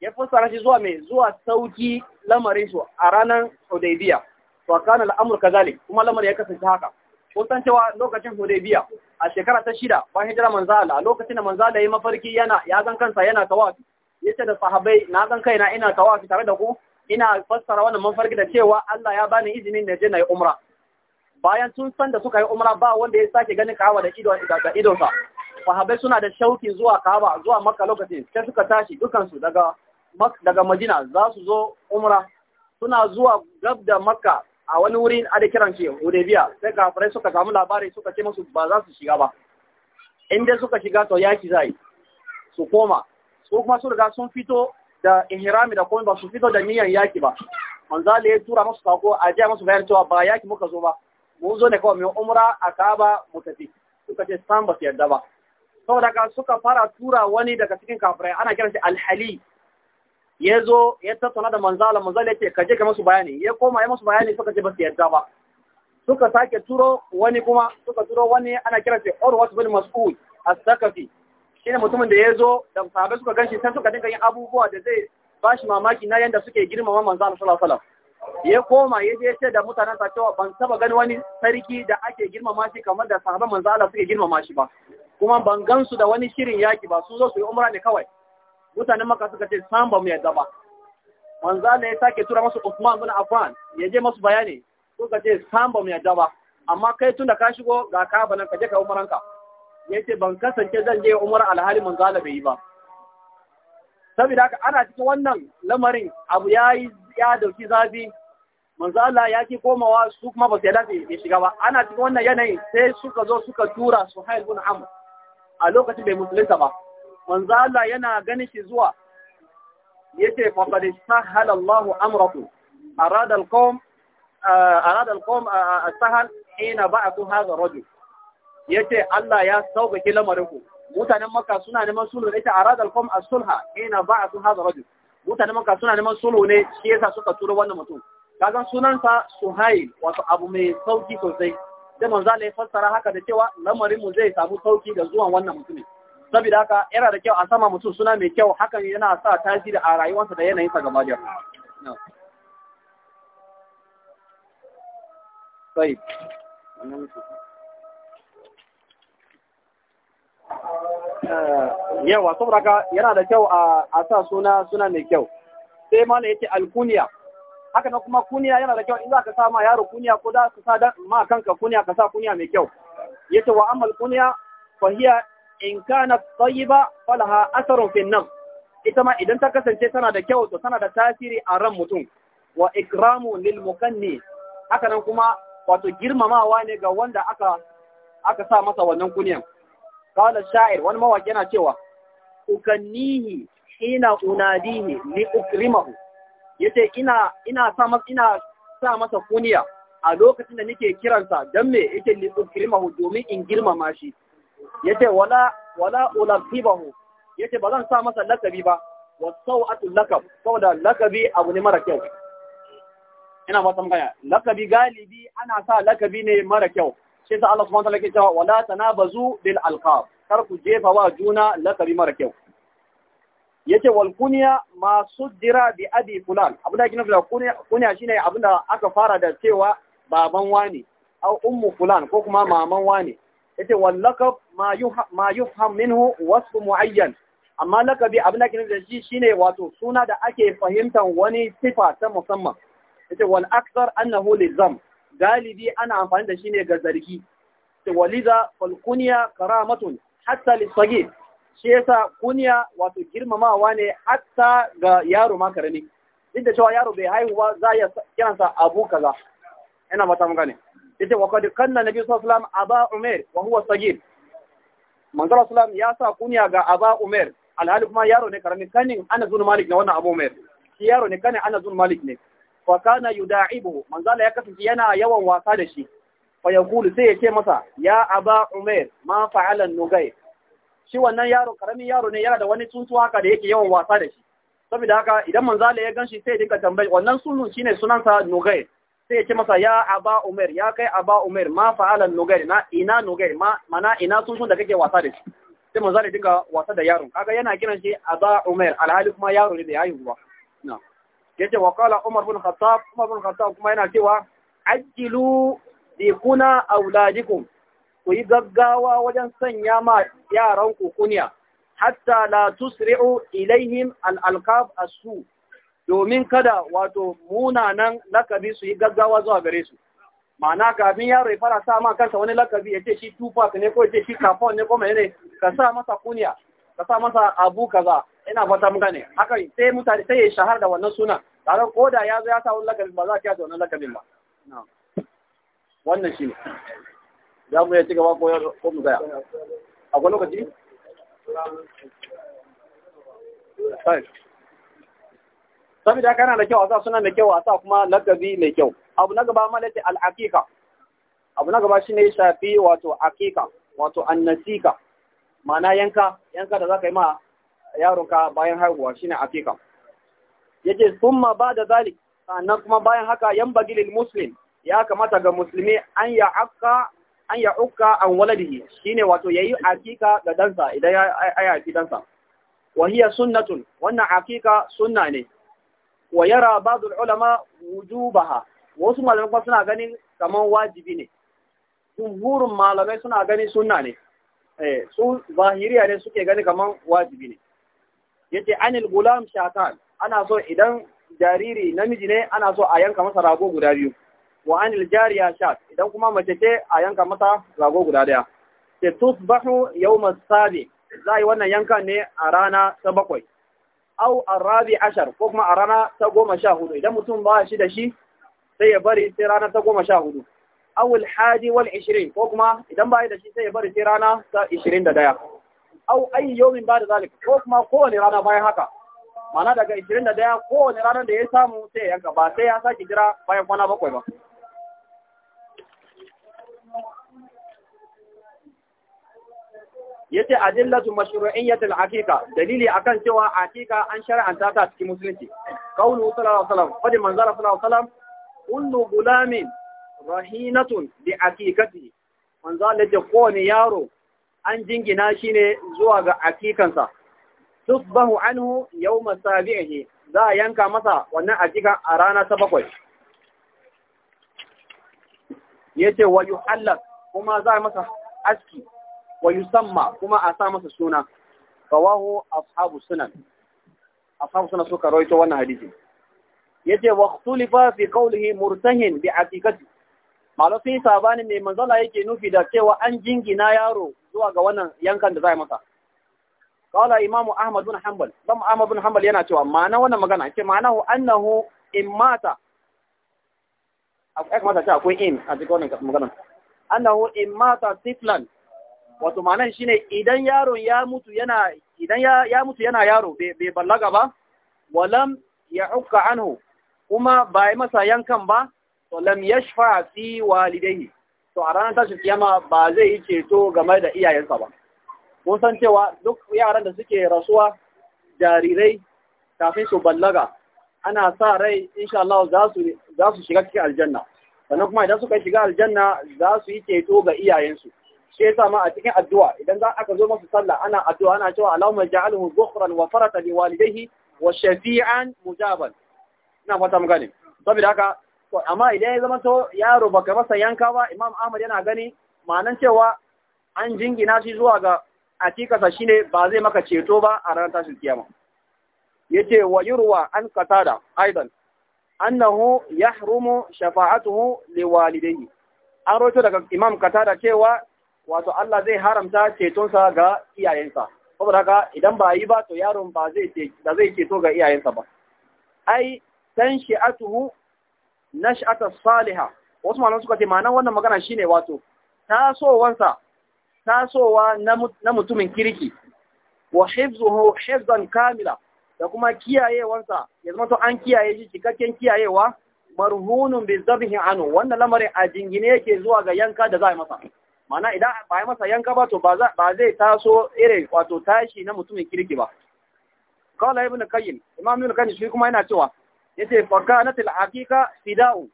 ya fassara shi zuwa mai zuwa sauki lamarin su a ranar Hudaybiya to kana al'amur kuma lamar ya kasance haka kusan cewa lokacin Hudaybiya a shekara ta shida ba hijira manzo Allah lokacin da manzo Allah ya mafarki yana ya gan kansa yana tawafi yace da sahabbai na gan kaina ina tawafi tare da ku ina fassara wannan mafarki da cewa Allah ya bani izinin da je na yi umra bayan sun san da suka yi umra ba wanda ya sake ganin Ka'aba da ido da idonsa sahabbai suna da shauki zuwa Ka'aba zuwa Makka lokacin sai suka tashi dukansu daga daga Madina za su zo umra suna zuwa gab da Makka a wani wurin a da kiran shi Hudaybiya sai kafirai suka samu labari suka ce musu ba za su shiga ba in dai suka shiga to yaki zai su koma su kuma su riga sun fito da ihrami da komai ba su fito da niyan yaki ba manzo ya tura musu sako a jiya musu bayar cewa ba yaki muka zo ba mu zo ne kawai mu umra a Kaaba mu tafi suka ce san ba su yarda ba saboda ka suka fara tura wani daga cikin kafirai ana kiran shi alhali ya zo ya tattauna da manzala manzala ya ce kaje ka masu bayani ya koma ya masu bayani suka ce ba su yarda ba suka sake turo wani kuma suka turo wani ana kira shi Urwat bin Mas'ud as-Sakafi shine mutumin da ya zo da sahabbai suka ganshi sai suka dinga yin abubuwa da zai bashi mamaki na yanda suke girmama manzala sallallahu alaihi wasallam ya koma ya je ce da mutanen sa cewa ban saba gani wani sarki da ake girmama shi kamar da sahabban manzala suke girmama shi ba kuma ban gansu da wani shirin yaki ba su zo su yi umra ne kawai mutanen maka suka ce san mu yadda ba manzo Allah ya sake tura masu usman bin Affan ya je masu bayani suka ce san mu yadda ba amma kai tunda ka shigo ga ka bana ka je ka umaranka ce ban kasance zan je umar alhali manzo bai yi ba saboda haka ana cikin wannan lamarin abu ya yi ya dauki zafi manzo Allah ya ki komawa su kuma ba ya da ya shiga ba ana cikin wannan yanayin sai suka zo suka tura Suhail bin Amr a lokacin bai musulunta ba manzo Allah yana ganin shi zuwa yace fa qad sahala Allahu amrahu arada alqawm eh, arada alqawm eh, sahal hina ba'athu hadha rajul yace Allah ya sauƙaƙe lamarin ku mutanen Makka suna neman sulhu ne ta arada alqawm as-sulha hina ba'athu hadha rajul mutanen Makka suna neman sulhu ne shi yasa suka tura wannan mutum kaga sunansa Suhail wato abu mai sauki sosai sai manzo Allah ya fassara haka da cewa lamarin mu zai samu sauki da zuwan wannan mutumin saboda haka yana da kyau a sama mutum suna mai kyau hakan yana sa tasiri a rayuwarsa da yanayinsa gaba da طيب eh, yawa saboda yana da kyau a sa suna suna mai kyau sai na yake alkuniya haka na kuma kuniya yana da kyau in za ka sa ma yaro kuniya ko za ka sa ma kanka kuniya ka sa kuniya mai kyau yace wa amal kuniya fa hiya in kana tsayiba falaha asarun fi nan ita ma idan ta kasance tana da kyau to tana da tasiri a ran mutum wa ikramu lil mukanni haka nan kuma wato girmamawa ne ga wanda aka aka sa masa wannan kunyan qala sha'ir wani mawaki yana cewa ukannihi hina unadihi li ukrimahu yace ina ina sa masa ina sa masa kuniya a lokacin da nake kiransa dan me yake li ukrimahu domin in girmama shi yace wala wala Ya yace ba zan sa masa lakabi ba wa sau'atul lakab saboda lakabi abu ne mara kyau ina ba san gaya lakabi galibi ana sa lakabi ne mara kyau shi sa Allah subhanahu wa ta'ala ke cewa wala tanabazu bil alqab kar ku jefa wa juna lakabi mara kyau yace wal kunya ma suddira bi abi fulan abu da kina fula kunya kunya shine abin da aka fara da cewa baban wani au ummu fulan ko kuma maman wani yace wal lakab ma yufham minhu wasu mu'ayyan amma lakabi abin da ke da shi shine wato suna da ake fahimtar wani sifa ta musamman yace wal akthar annahu lizam galibi ana amfani da shi ne ga zargi waliza fal kunya karamatun hatta lisagir shi yasa kunya wato girmamawa ne hatta ga yaro ma karami duk da cewa yaro bai haihuwa za ya kiransa abu kaza ina mata mun gane yace wa qad kanna nabi sallallahu alaihi wasallam aba umar wa huwa sagir Manzara sulam ya sa kunya ga aba umar alhali kuma yaro ne karamin kanin ana zuwa malik na wannan abu umar shi yaro ne kanin ana zuwa malik ne fa kana yuda'ibu manzala ya kasance yana yawan wasa da shi fa yaqulu sai ya ce masa ya aba umar ma fa'ala nugay shi wannan yaro karamin yaro ne yana da wani tuntuwa haka da yake yawan wasa da shi saboda haka idan manzala ya ganshi sai ya dinka tambayi wannan sunun shine sunansa nugay sai ce masa ya aba umar ya kai aba umar ma fa'alan nugari na ina nugari ma mana ina sun da kake wasa da shi sai manzo da dinga wasa da yaron kaga yana kiran shi aba umar alhali kuma yaro ne da yayin ruwa na yace wa qala umar bin khattab umar bin khattab kuma yana cewa ajilu bi kuna auladikum ku yi gaggawa wajen sanya ma yaran ku kunya hatta la tusri'u ilaihim al-alqab as-su' domin kada wato munanan lakabi su yi gaggawa zuwa gare su ma'ana kafin yaro ya fara sa ma kansa wani lakabi ya ce shi tupac ne ko ya ce shi kafon ne ko mai ne ka sa masa kunya ka sa masa abu kaza ina fata muka ne haka sai mutane sai ya shahar da wannan sunan tare ko da ya zo ya sa wani lakabin ba za a yi wannan lakabin ba wannan shi ne za mu iya ci gaba ko mu gaya akwai lokaci? saboda haka da kyau a sa suna mai kyau a sa kuma lakabi mai kyau abu na gaba ma lati al'aqiqa abu na gaba shine shafi wato aqiqa wato annasika ma'ana yanka yanka da zaka yi ma yaronka bayan haihuwa shine aqiqa yace summa ba'da zalik sannan kuma bayan haka yan bagilil muslim ya kamata ga musulmi an ya akka an ya an waladihi shine wato yayi aqiqa ga dansa idan ya ayyaki dansa wa hiya sunnatun wannan aqiqa sunna ne wa yara ba'dul ulama wujubaha wasu malamai kuma suna ganin kaman wajibi ne jumhurin malamai suna gani sunna ne eh zahiriya ne suke gani kaman wajibi ne yace anil gulam shatan ana so idan jariri namiji ne ana so a yanka masa rago guda biyu wa anil jariya shat idan kuma mace ce a yanka masa rago guda daya ce tusbahu yawm as-sabi zai wannan yankan ne a rana ta bakwai au arabi ashar ko kuma a rana ta goma sha hudu idan mutum ba shi da shi sai ya bari sai rana ta goma sha hudu awul hadi wal ishirin ko kuma idan ba da shi sai ya bari sai rana ta ishirin da daya au ayi yomin ba da zalik ko kuma kowane rana bayan haka mana daga ishirin da daya kowane rana da ya samu sai ya yanka ba sai ya sake jira bayan kwana bakwai ba yace adillatu mashru'iyyatil haqiqa dalili akan cewa haqiqa an shar'anta ta cikin musulunci qawlu sallallahu alaihi wasallam fadi manzara sallallahu alaihi wasallam kullu gulamin rahinatun bi haqiqati manzo laje kowane yaro an jingina shi ne zuwa ga haqiqansa tusbahu anhu yawma sabihi za a yanka masa wannan haqiqa a rana ta bakwai yace wa yuhallak kuma za a masa aski wa yusamma kuma a sa masa suna rawahu ashabu sunan ashabu sunan suka rawaito wannan hadisi yace wa khulifa fi qawlihi murtahin bi haqiqati malo sai sabani ne manzala yake nufi da cewa an jingina yaro zuwa ga wannan yankan da zai masa qala imamu ahmad bin hanbal dan ahmad bin hanbal yana cewa ma'ana wannan magana yace ma'anahu annahu in mata akwai ce akwai in a cikin wannan magana annahu in mata tiflan wato nan shine idan yaron ya mutu yana idan ya mutu yana yaro bai ballaga ba walam ya hukka anhu kuma ba yi masa yankan ba To lam yashfa fi walidayhi to a ranar tashin kiyama ba zai yi ceto game da iyayensa ba kun san cewa duk yaran da suke rasuwa jarirai kafin su ballaga ana sa rai insha Allah za su shiga cikin aljanna sannan kuma idan suka shiga aljanna za su yi ceto ga iyayensu shi yasa ma a cikin addu'a idan za aka zo masa sallah ana addu'a ana cewa Allahumma ja'alhu zukhran wa farata li walidayhi wa shafi'an mujaban ina fata mu gane saboda haka amma idan ya zama to yaro baka masa yanka ba Imam Ahmad yana gani ma'anan cewa an jingina shi zuwa ga akikasa shine ba zai maka ceto ba a ranar tashin kiyama yace wa yurwa an qatada aidan annahu yahrumu shafa'atuhu liwalidayhi an roto daga imam qatada cewa wato Allah zai haramta cetonsa ga iyayensa saboda haka idan ba yi ba to yaron ba zai ceto ga iyayensa ba ai san tanshi'atuhu nash'ata salihah wasu malaman suka ce ma'anar wannan magana shine wato tasowansa tasowa na mutumin kirki wa hifzuhu kamila da kuma kiyayewansa ya zama to an kiyaye shi cikakken kiyayewa marhunun bi zabihi anu wannan lamarin a jingine yake zuwa ga yanka da za a yi masa mana idan ba yi masa yanka ba to ba zai taso irin wato tashi na mutumin kirki ba kawala ibn qayyim imam ibn qayyim shi kuma yana cewa yace fa kanat al haqiqa fida'u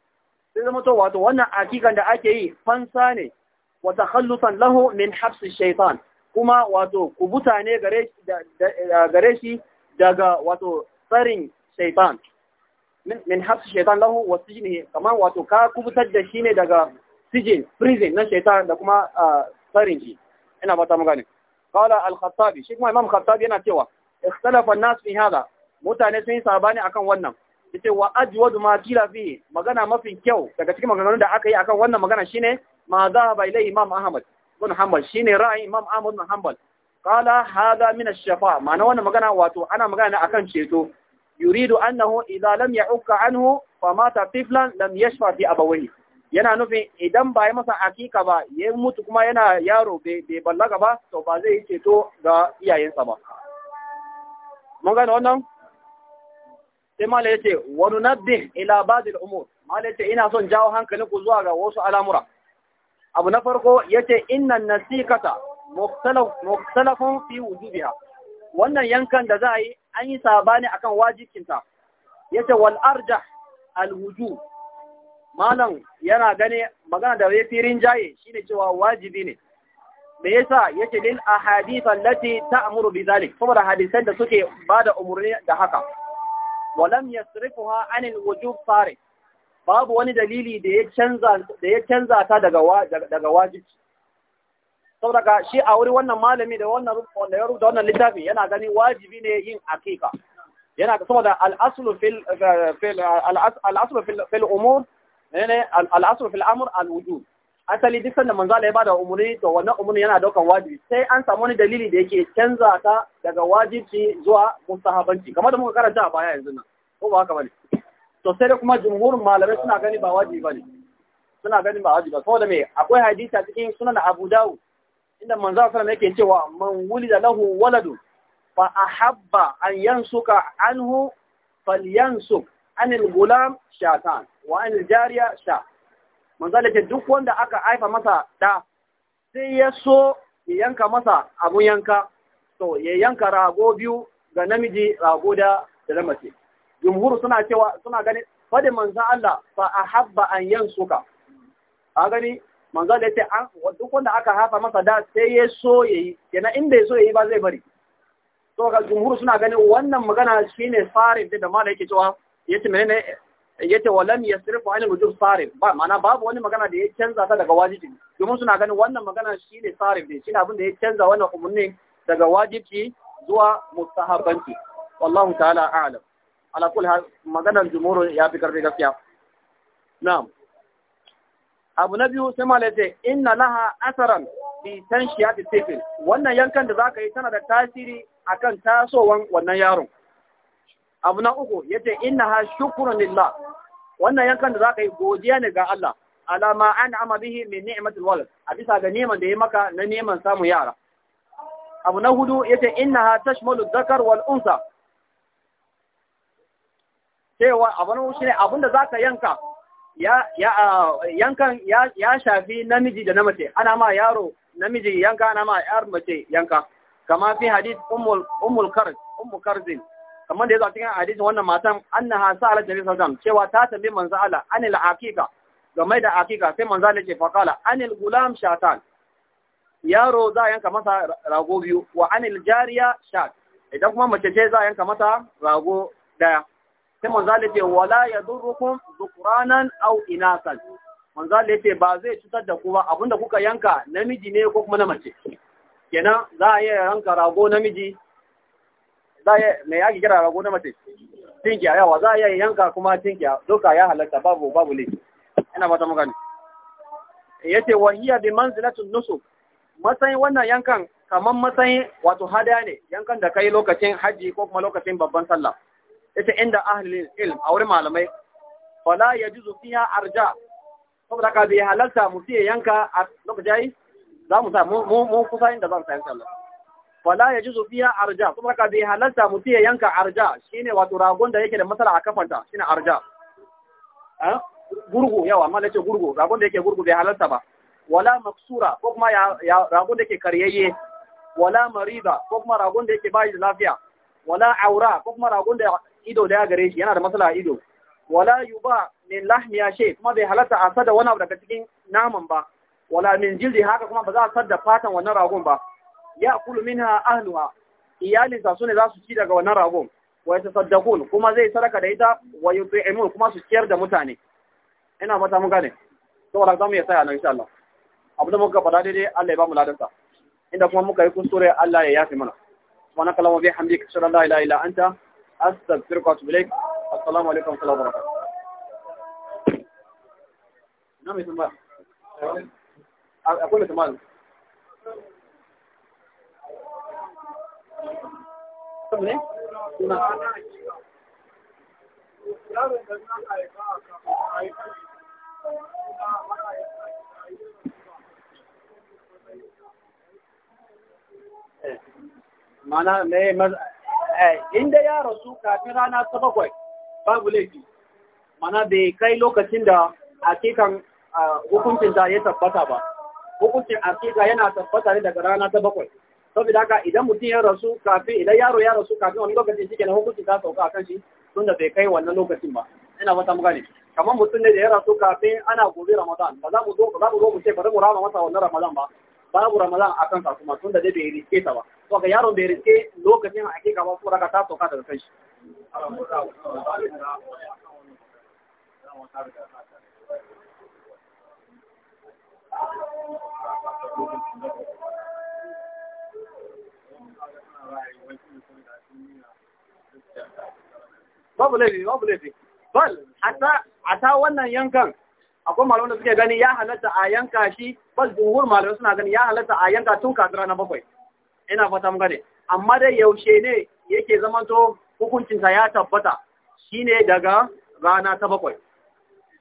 sai zama to wato wannan hakikan da ake yi fansa ne wa takhallusan lahu min habs shaytan kuma wato kubuta ne gare gare shi daga wato tsarin shaytan min habs shaytan lahu wa sijnihi kamar wato ka kubutar da shi ne daga sijin prison na shaitan da kuma tsarin shi ina fata mu gane qala al-khattabi shi kuma imam khattabi yana cewa ikhtalafa nas fi hada mutane sun yi sabani akan wannan yace wa ajwadu ma kila fi magana mafi kyau daga cikin maganganun da aka yi akan wannan magana shine ma ba ilai imam ahmad ibn hanbal shine ra'ayin imam ahmad ibn hanbal qala hada min ash-shafa ma'ana wannan magana wato ana magana akan ceto yuridu annahu idza lam ya'ukka anhu fa mata tiflan lam yashfa fi abawayhi yana nufin idan ba yi masa hakika ba ya mutu kuma yana yaro bai ballaga ba to ba zai yi ceto ga iyayensa ba mun gane wannan sai mala yace wani nunabbi ila ba'd umur mala ce ina son jawo hankalin ku zuwa ga wasu al'amura abu na farko yace innan nasikata mukhtalaf mukhtalafun fi biya wannan yankan da za a yi an yi sabani akan wajikinta yace ce wal'arja al wujud malam yana gane magana da ya firin jaye shine cewa wajibi ne me yasa yake lil ahadith allati ta'muru bi zalik Kuma da hadisan da suke bada umurni da haka lam yasrifuha an wujub sari babu wani dalili da ya canza da ya canza ta daga daga wajibi saboda ka, shi a wuri wannan malami da wannan wanda ya rubuta wannan littafi yana gani wajibi ne yin akika yana saboda al-aslu fil al-aslu fil umur ne al'asr fil amr al wujub asali duk sanda manzo Allah ya bada umuri to wannan umurni yana daukan wajibi sai an samu wani dalili da yake canza ta daga wajibi zuwa mustahabanci kamar da muka karanta a baya yanzu nan ko ba haka bane to sai da kuma jumhur malamai suna gani ba wajibi bane suna gani ba wajibi ba saboda me akwai hadisi a cikin sunan Abu Dawud inda manzo sallallahu alaihi yake cewa man wulida lahu waladun fa ahabba an yansuka anhu falyansuka an gulam shatan wa an jariya sha manzala ce duk wanda aka haifa masa da sai ya so ya yanka masa abun yanka to ya yanka rago biyu ga namiji rago da da mace jumhur suna cewa suna gani fadi manzan Allah fa ahabba an yansuka a gani manzan da yace an duk wanda aka haifa masa da sai ya so yayi kenan inda ya so yayi ba zai bari to ga jumhur suna gani wannan magana shine farin da malaka yake cewa yace menene yace walam yasrifu ala wujub sarif ba mana babu wani magana da ya canza ta daga wajibi domin suna ganin wannan magana shine sarif ne shine abin da ya canza wannan umurni daga wajibi zuwa mustahabanti wallahu ta'ala a'lam ala kulli hal maganar jumhur ya fi karfi gaskiya na'am abu na biyu sai malai ce inna laha asaran bi tanshiyati sifin. wannan yankan da zaka yi tana da tasiri akan tasowan wannan yaron abu na uku ya ina ha shukrun lillah wannan yankan da za ka yi godiya ne ga Allah alama an ama bihi min ni'matil walad a bisa ga neman da ya maka na neman samu yara abu na hudu ina ha tashmalu dhakar wal unsa cewa abu na shine abinda zaka yanka ya ya yankan ya shafi namiji da na mace ana ma yaro namiji yanka ana ma yar mace yanka kama fi hadith ummul ummul karz karzin kamar da ya zo a cikin hadisin wannan matan annaha sa'alat nabi sallallahu alaihi cewa ta tambayi manzo Allah anil aqiqa game da aqiqa sai manzo Allah ce faqala anil gulam shatan yaro za yanka masa rago biyu wa anil jariya shat idan kuma mace ce za yanka mata rago daya sai manzo ce wala yadurrukum dhukranan aw inasan manzo Allah ce ba zai cutar da ku ba abinda kuka yanka namiji ne ko kuma na mace kenan za a iya yanka rago namiji za ya mai ake kira rago na mace tinkiya yawa za a iya yanka kuma tinkiya doka ya halatta babu babu laifi ina fata muka ne yace wa hiya bi manzilatin nusuk matsayin wannan yankan kamar matsayin wato hadaya ne yankan da kai lokacin haji ko kuma lokacin babban sallah yace inda ahli ilm a wurin malamai fala yajuzu fiha arja saboda ka bai halalta mu fiye yanka a lokacin za mu sa mu kusa inda za mu sa yanka Allah fala ya juzu fiya arja kuma ka bai halarta mutu ya yanka arja shine wato ragon da yake da matsala a kafanta shine arja gurgu yawa amma ce gurgu ragon da yake gurgu bai halarta ba wala maksura ko kuma ya ragon da yake karyayye wala marida ko kuma ragon da yake bayi da lafiya wala aura ko kuma ragon da ido da ya gare shi yana da matsala a ido wala yuba min lahmiya shay kuma bai halarta a sada wani abu daga cikin naman ba wala min jildi haka kuma ba za a sada fatan wannan ragon ba ya kulu ha ahluha iyalinsa su ne za su ci daga wannan ragon wa yatasaddaqun kuma zai saraka da ita wa yut'imun kuma su ciyar da mutane ina fata mun gane saboda zamu ya tsaya nan insha Allah abu da muka faɗa daidai Allah ya ba mu ladansa inda kuma muka yi kuskure Allah ya yafe mana subhanaka allahumma bihamdika ashhadu an la ilaha illa anta astaghfiruka wa atubu ilaik assalamu alaikum wa rahmatullahi wa barakatuh na mai tambaya akwai mai tambaya mu ne eh, mana ne eh, inda ya rasu kafin rana ta bakwai babu laifi mana bai kai lokacin da hakikan ah, hukuncin ta ya tabbata ba hukuncin hakika yana tabbata ne daga rana ta bakwai saboda haka idan mutum ya rasu kafin idan yaro ya rasu kafin wani lokacin shi kenan hukunci ta sauka akan shi tun da bai kai wannan lokacin ba ina fata mu gane kamar mutum ne da ya rasu kafin ana gobe ramadan ba za mu zo ba za mu zo mu ce bari mu rama masa wannan ramadan ba babu ramadan akan sa kuma tun da dai bai riske ta ba to ga yaron bai riske lokacin hakika ba raka ta sauka daga kan shi Thank you. babu laifi babu laifi bal hatta hatta wannan yankan akwai malaman da suke gani ya halatta a yanka shi bal jumhur malaman suna gani ya halatta a yanka tun kafin ranar bakwai ina fata mun gane amma dai yaushe ne yake zamanto hukuncinsa ya tabbata shine daga rana ta bakwai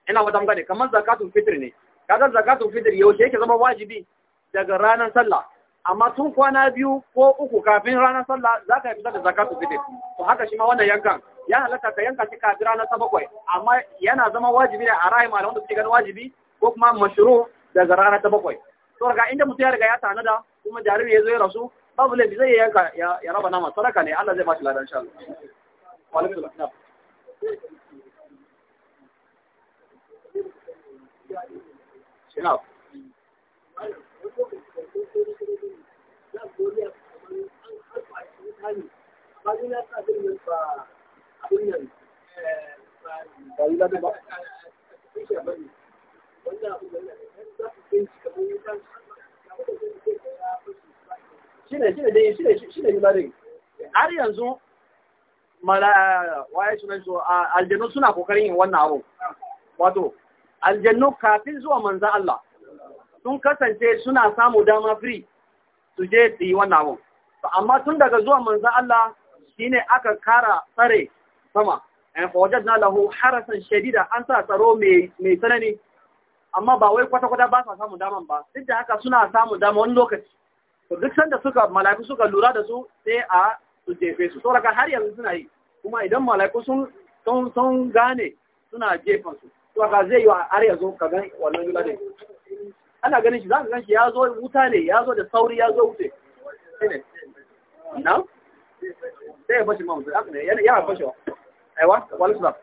ina fata mun gane kamar zakatul fitr ne kaga zakatul fitr yaushe yake zama wajibi daga ranar sallah amma tun kwana biyu ko uku kafin ranar sallah za ka yi da su fitr to haka shi ma wannan yankan ya halatta ka yanka shi kafin ranar ta bakwai amma yana zama wajibi ne a rayi malaman da suke ganin wajibi ko kuma mashru da ranar ta bakwai to ga inda mutum ya riga ya tana da kuma jariri ya zo ya rasu babu laifi zai yanka ya raba nama sadaka ne Allah zai ba shi ladan insha Allah har yanzu waye suna su aljannu suna kokarin yin wannan abu wato aljannu kafin zuwa manzan Allah sun kasance suna samu dama free su je su yi wannan To amma tun daga zuwa manzo Allah shine aka kara tsare sama eh na lahu harasan shadida an sa tsaro mai tsanani amma ba wai kwata kwata ba sa samu daman ba duk da haka suna samu dama wani lokaci to duk sanda suka malaiku suka lura da su sai a su jefe su saboda har yanzu suna yi kuma idan malaiku sun sun gane suna jefan su to ka zai yi har yanzu ka ga wannan lura da ana ganin shi za ka gan shi ya zo wuta ne ya zo da sauri ya zo wuce na sai ya bashi mamutu haka ne yana aiwa wani su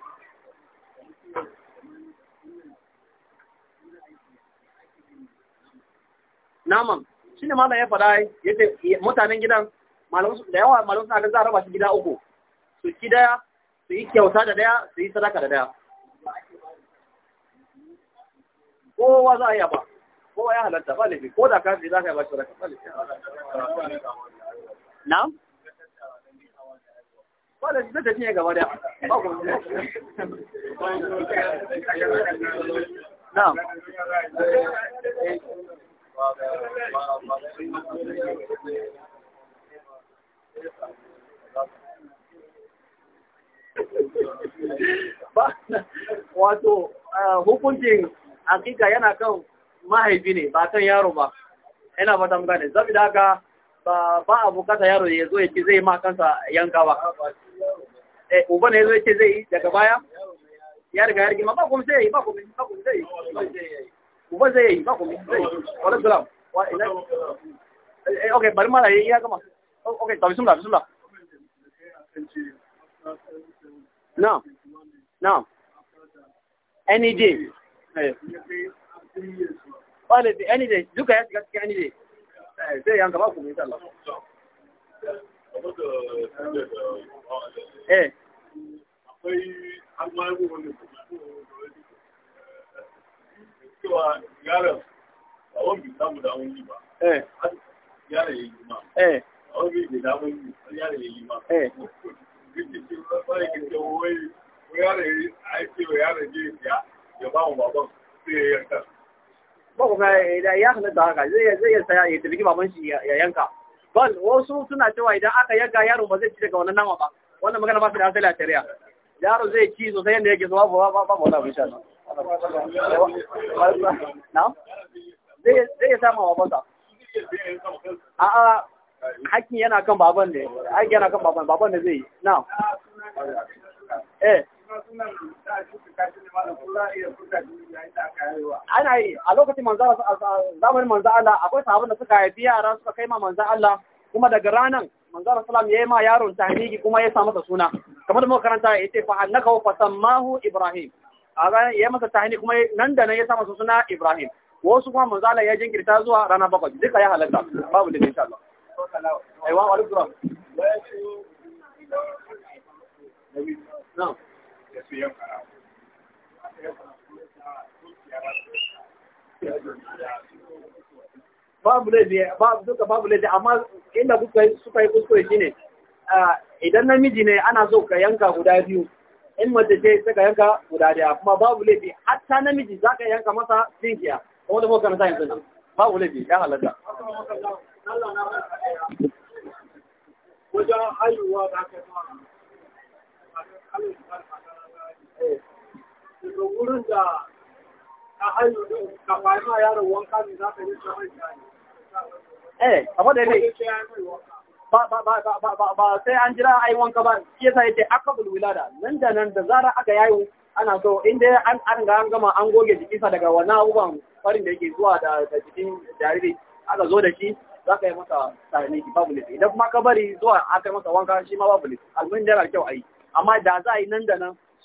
naman shi ne malam ya faɗa ya ce mutanen gidan da yawa malamu suna ga za a raba shi gida uku su ki daya su yi kyauta da daya su yi sadaka da daya kowa za a yi ba kowa ya halatta ba ko da ka ce za ka yi ba shi raka ba na ba zai tafiye gaba da ba ku na wato eh, hukuncin hakika yana kan mahaifi ne ba kan yaro ba ina ba tam gane saboda haka ba ba abu kata yaro ya zo yake zai ma kansa yanka ba eh uban ne zo ya ce zai yi daga baya ya riga ya rigima ba kuma sai ba kuma ba kuma sai uba zai yi ba kuma sai wala salam wa ina eh okay bari mala yayi ya gama okay to bismillah bismillah na na any day eh. ɗalibi any day duka ya shiga cikin any day zai yanka ba ku insha Allah eh akwai cewa wani bi samu da wani eh, ba eh ya yi ma eh a wani bi da wani ya yi ma eh ya ya ba baban sai ya ba kuma eh, ya halatta haka zai iya saya ya tafi baban shi ya yanka bal wasu suna cewa idan aka yanka yaro ba zai ci daga wannan nama ba wannan magana ba su da asali a shari'a yaro zai ci sosai yadda yake so ba ba ba wala bisha ba, na zai zai sama wa bansa a a hakki yana kan baban ne hakki yana kan baban baban ne zai yi, na eh ana yi a lokacin manzan zamanin manzan Allah akwai sahabin da suka haifi yara suka kai ma manzan Allah kuma daga ranan manzan Rasulullah ya yi ma yaron tahniki kuma ya sa masa suna kamar da karanta ya ce fa'annaka wa fasammahu Ibrahim a ranar ya masa tahniki kuma nan da nan ya sa masa suna Ibrahim wasu kuma manzan Allah ya jinkirta zuwa rana bakwai duka ya halatta babu da insha Allah aiwa wa alaikum da su yan babu laifi duka babu amma inda kuka suka yi kuskure ne. idan namiji ne ana so ka yanka guda biyu in mace ce sai ka yanka guda daya kuma babu laifi hatta namiji za ka yanka masa tinkiya kuma da muka yanzu nan babu laifi ya halatta wajen haihuwa da aka Daga wurin da a hayo din ka fayi ma yaron wanka ne za ka yi ta manja ne. Eh, abu da ne. Ba sai an jira a ai wanka ba shi yasa yake akabul wilada nan da nan da zara aka yayo ana so in dai an an ga an gama an goge jikinsa daga wani abubuwan farin da yake zuwa da jikin jariri aka zo da shi za ka yi masa tarniki babu laifi idan kuma ka bari zuwa aka yi masa wanka shi ma babu laifi almin yana kyau a yi amma da za a yi nan da nan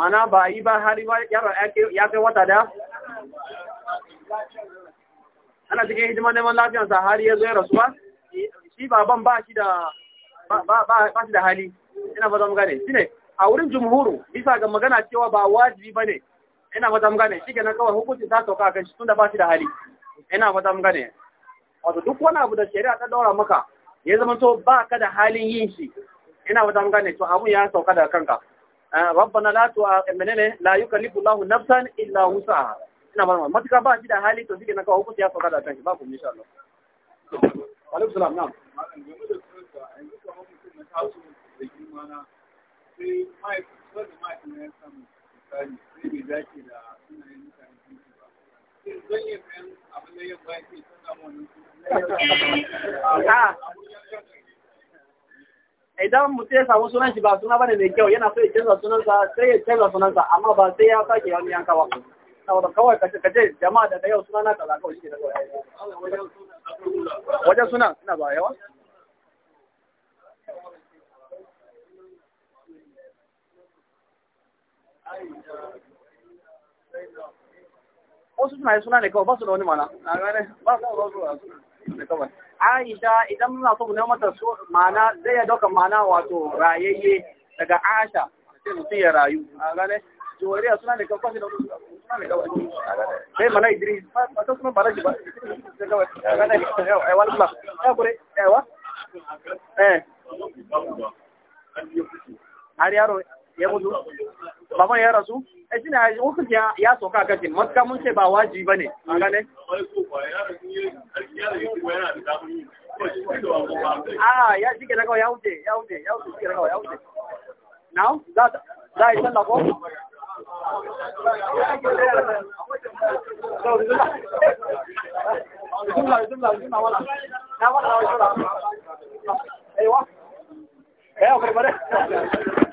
mana ba yi ba hari yaro ya kai wata da ana cikin hidimar neman lafiyansa har ya zo ya rasu ba shi baban ba shi da ba shi da hali ina fata mu gane shi ne a wurin jumhuru bisa ga magana cewa ba wajibi ba ne ina fata mu gane shi na kawai hukunci ta sauka kan shi tun da ba shi da hali ina fata mu gane wato duk wani abu da shari'a ta daura maka ya zama to ba ka da halin yin shi ina fata mu gane to abun ya sauka da kanka ربنا لا تؤاخذنا لا يكلف الله نفسا nafsan illa wusaha ina ba matuka ba shi da hali to zige na kawo hukunci ya sauka da kanshi ba ku insha Allah alaikum salam na'am idan mutum ya samu sunan shi ba suna bane mai kyau yana so ya canza sunansa sai ya canza sunansa amma ba sai ya sake wani yanka ba saboda kawai ka kashe jama'a da yau suna na kaza kawai shi wajen suna, ina ba yawa wasu suna yi suna ne kawai ba su da wani mana na gane ba su da wani suna ne kawai Aisha idan muna so mu mata so mana zai ya dauka mana wato rayayye daga Aisha sai mutum ya rayu a gane jawariya suna da kafa da sai yaro ya mutu baban ya rasu a eh, shi na hukunci ya soka a matuka mun ce ba wajibi ba ne a gane a ya shi ke daga ya wuce ya wuce ya wuce shi ke daga ya wuce now za a yi ewa, ewa, ewa, ewa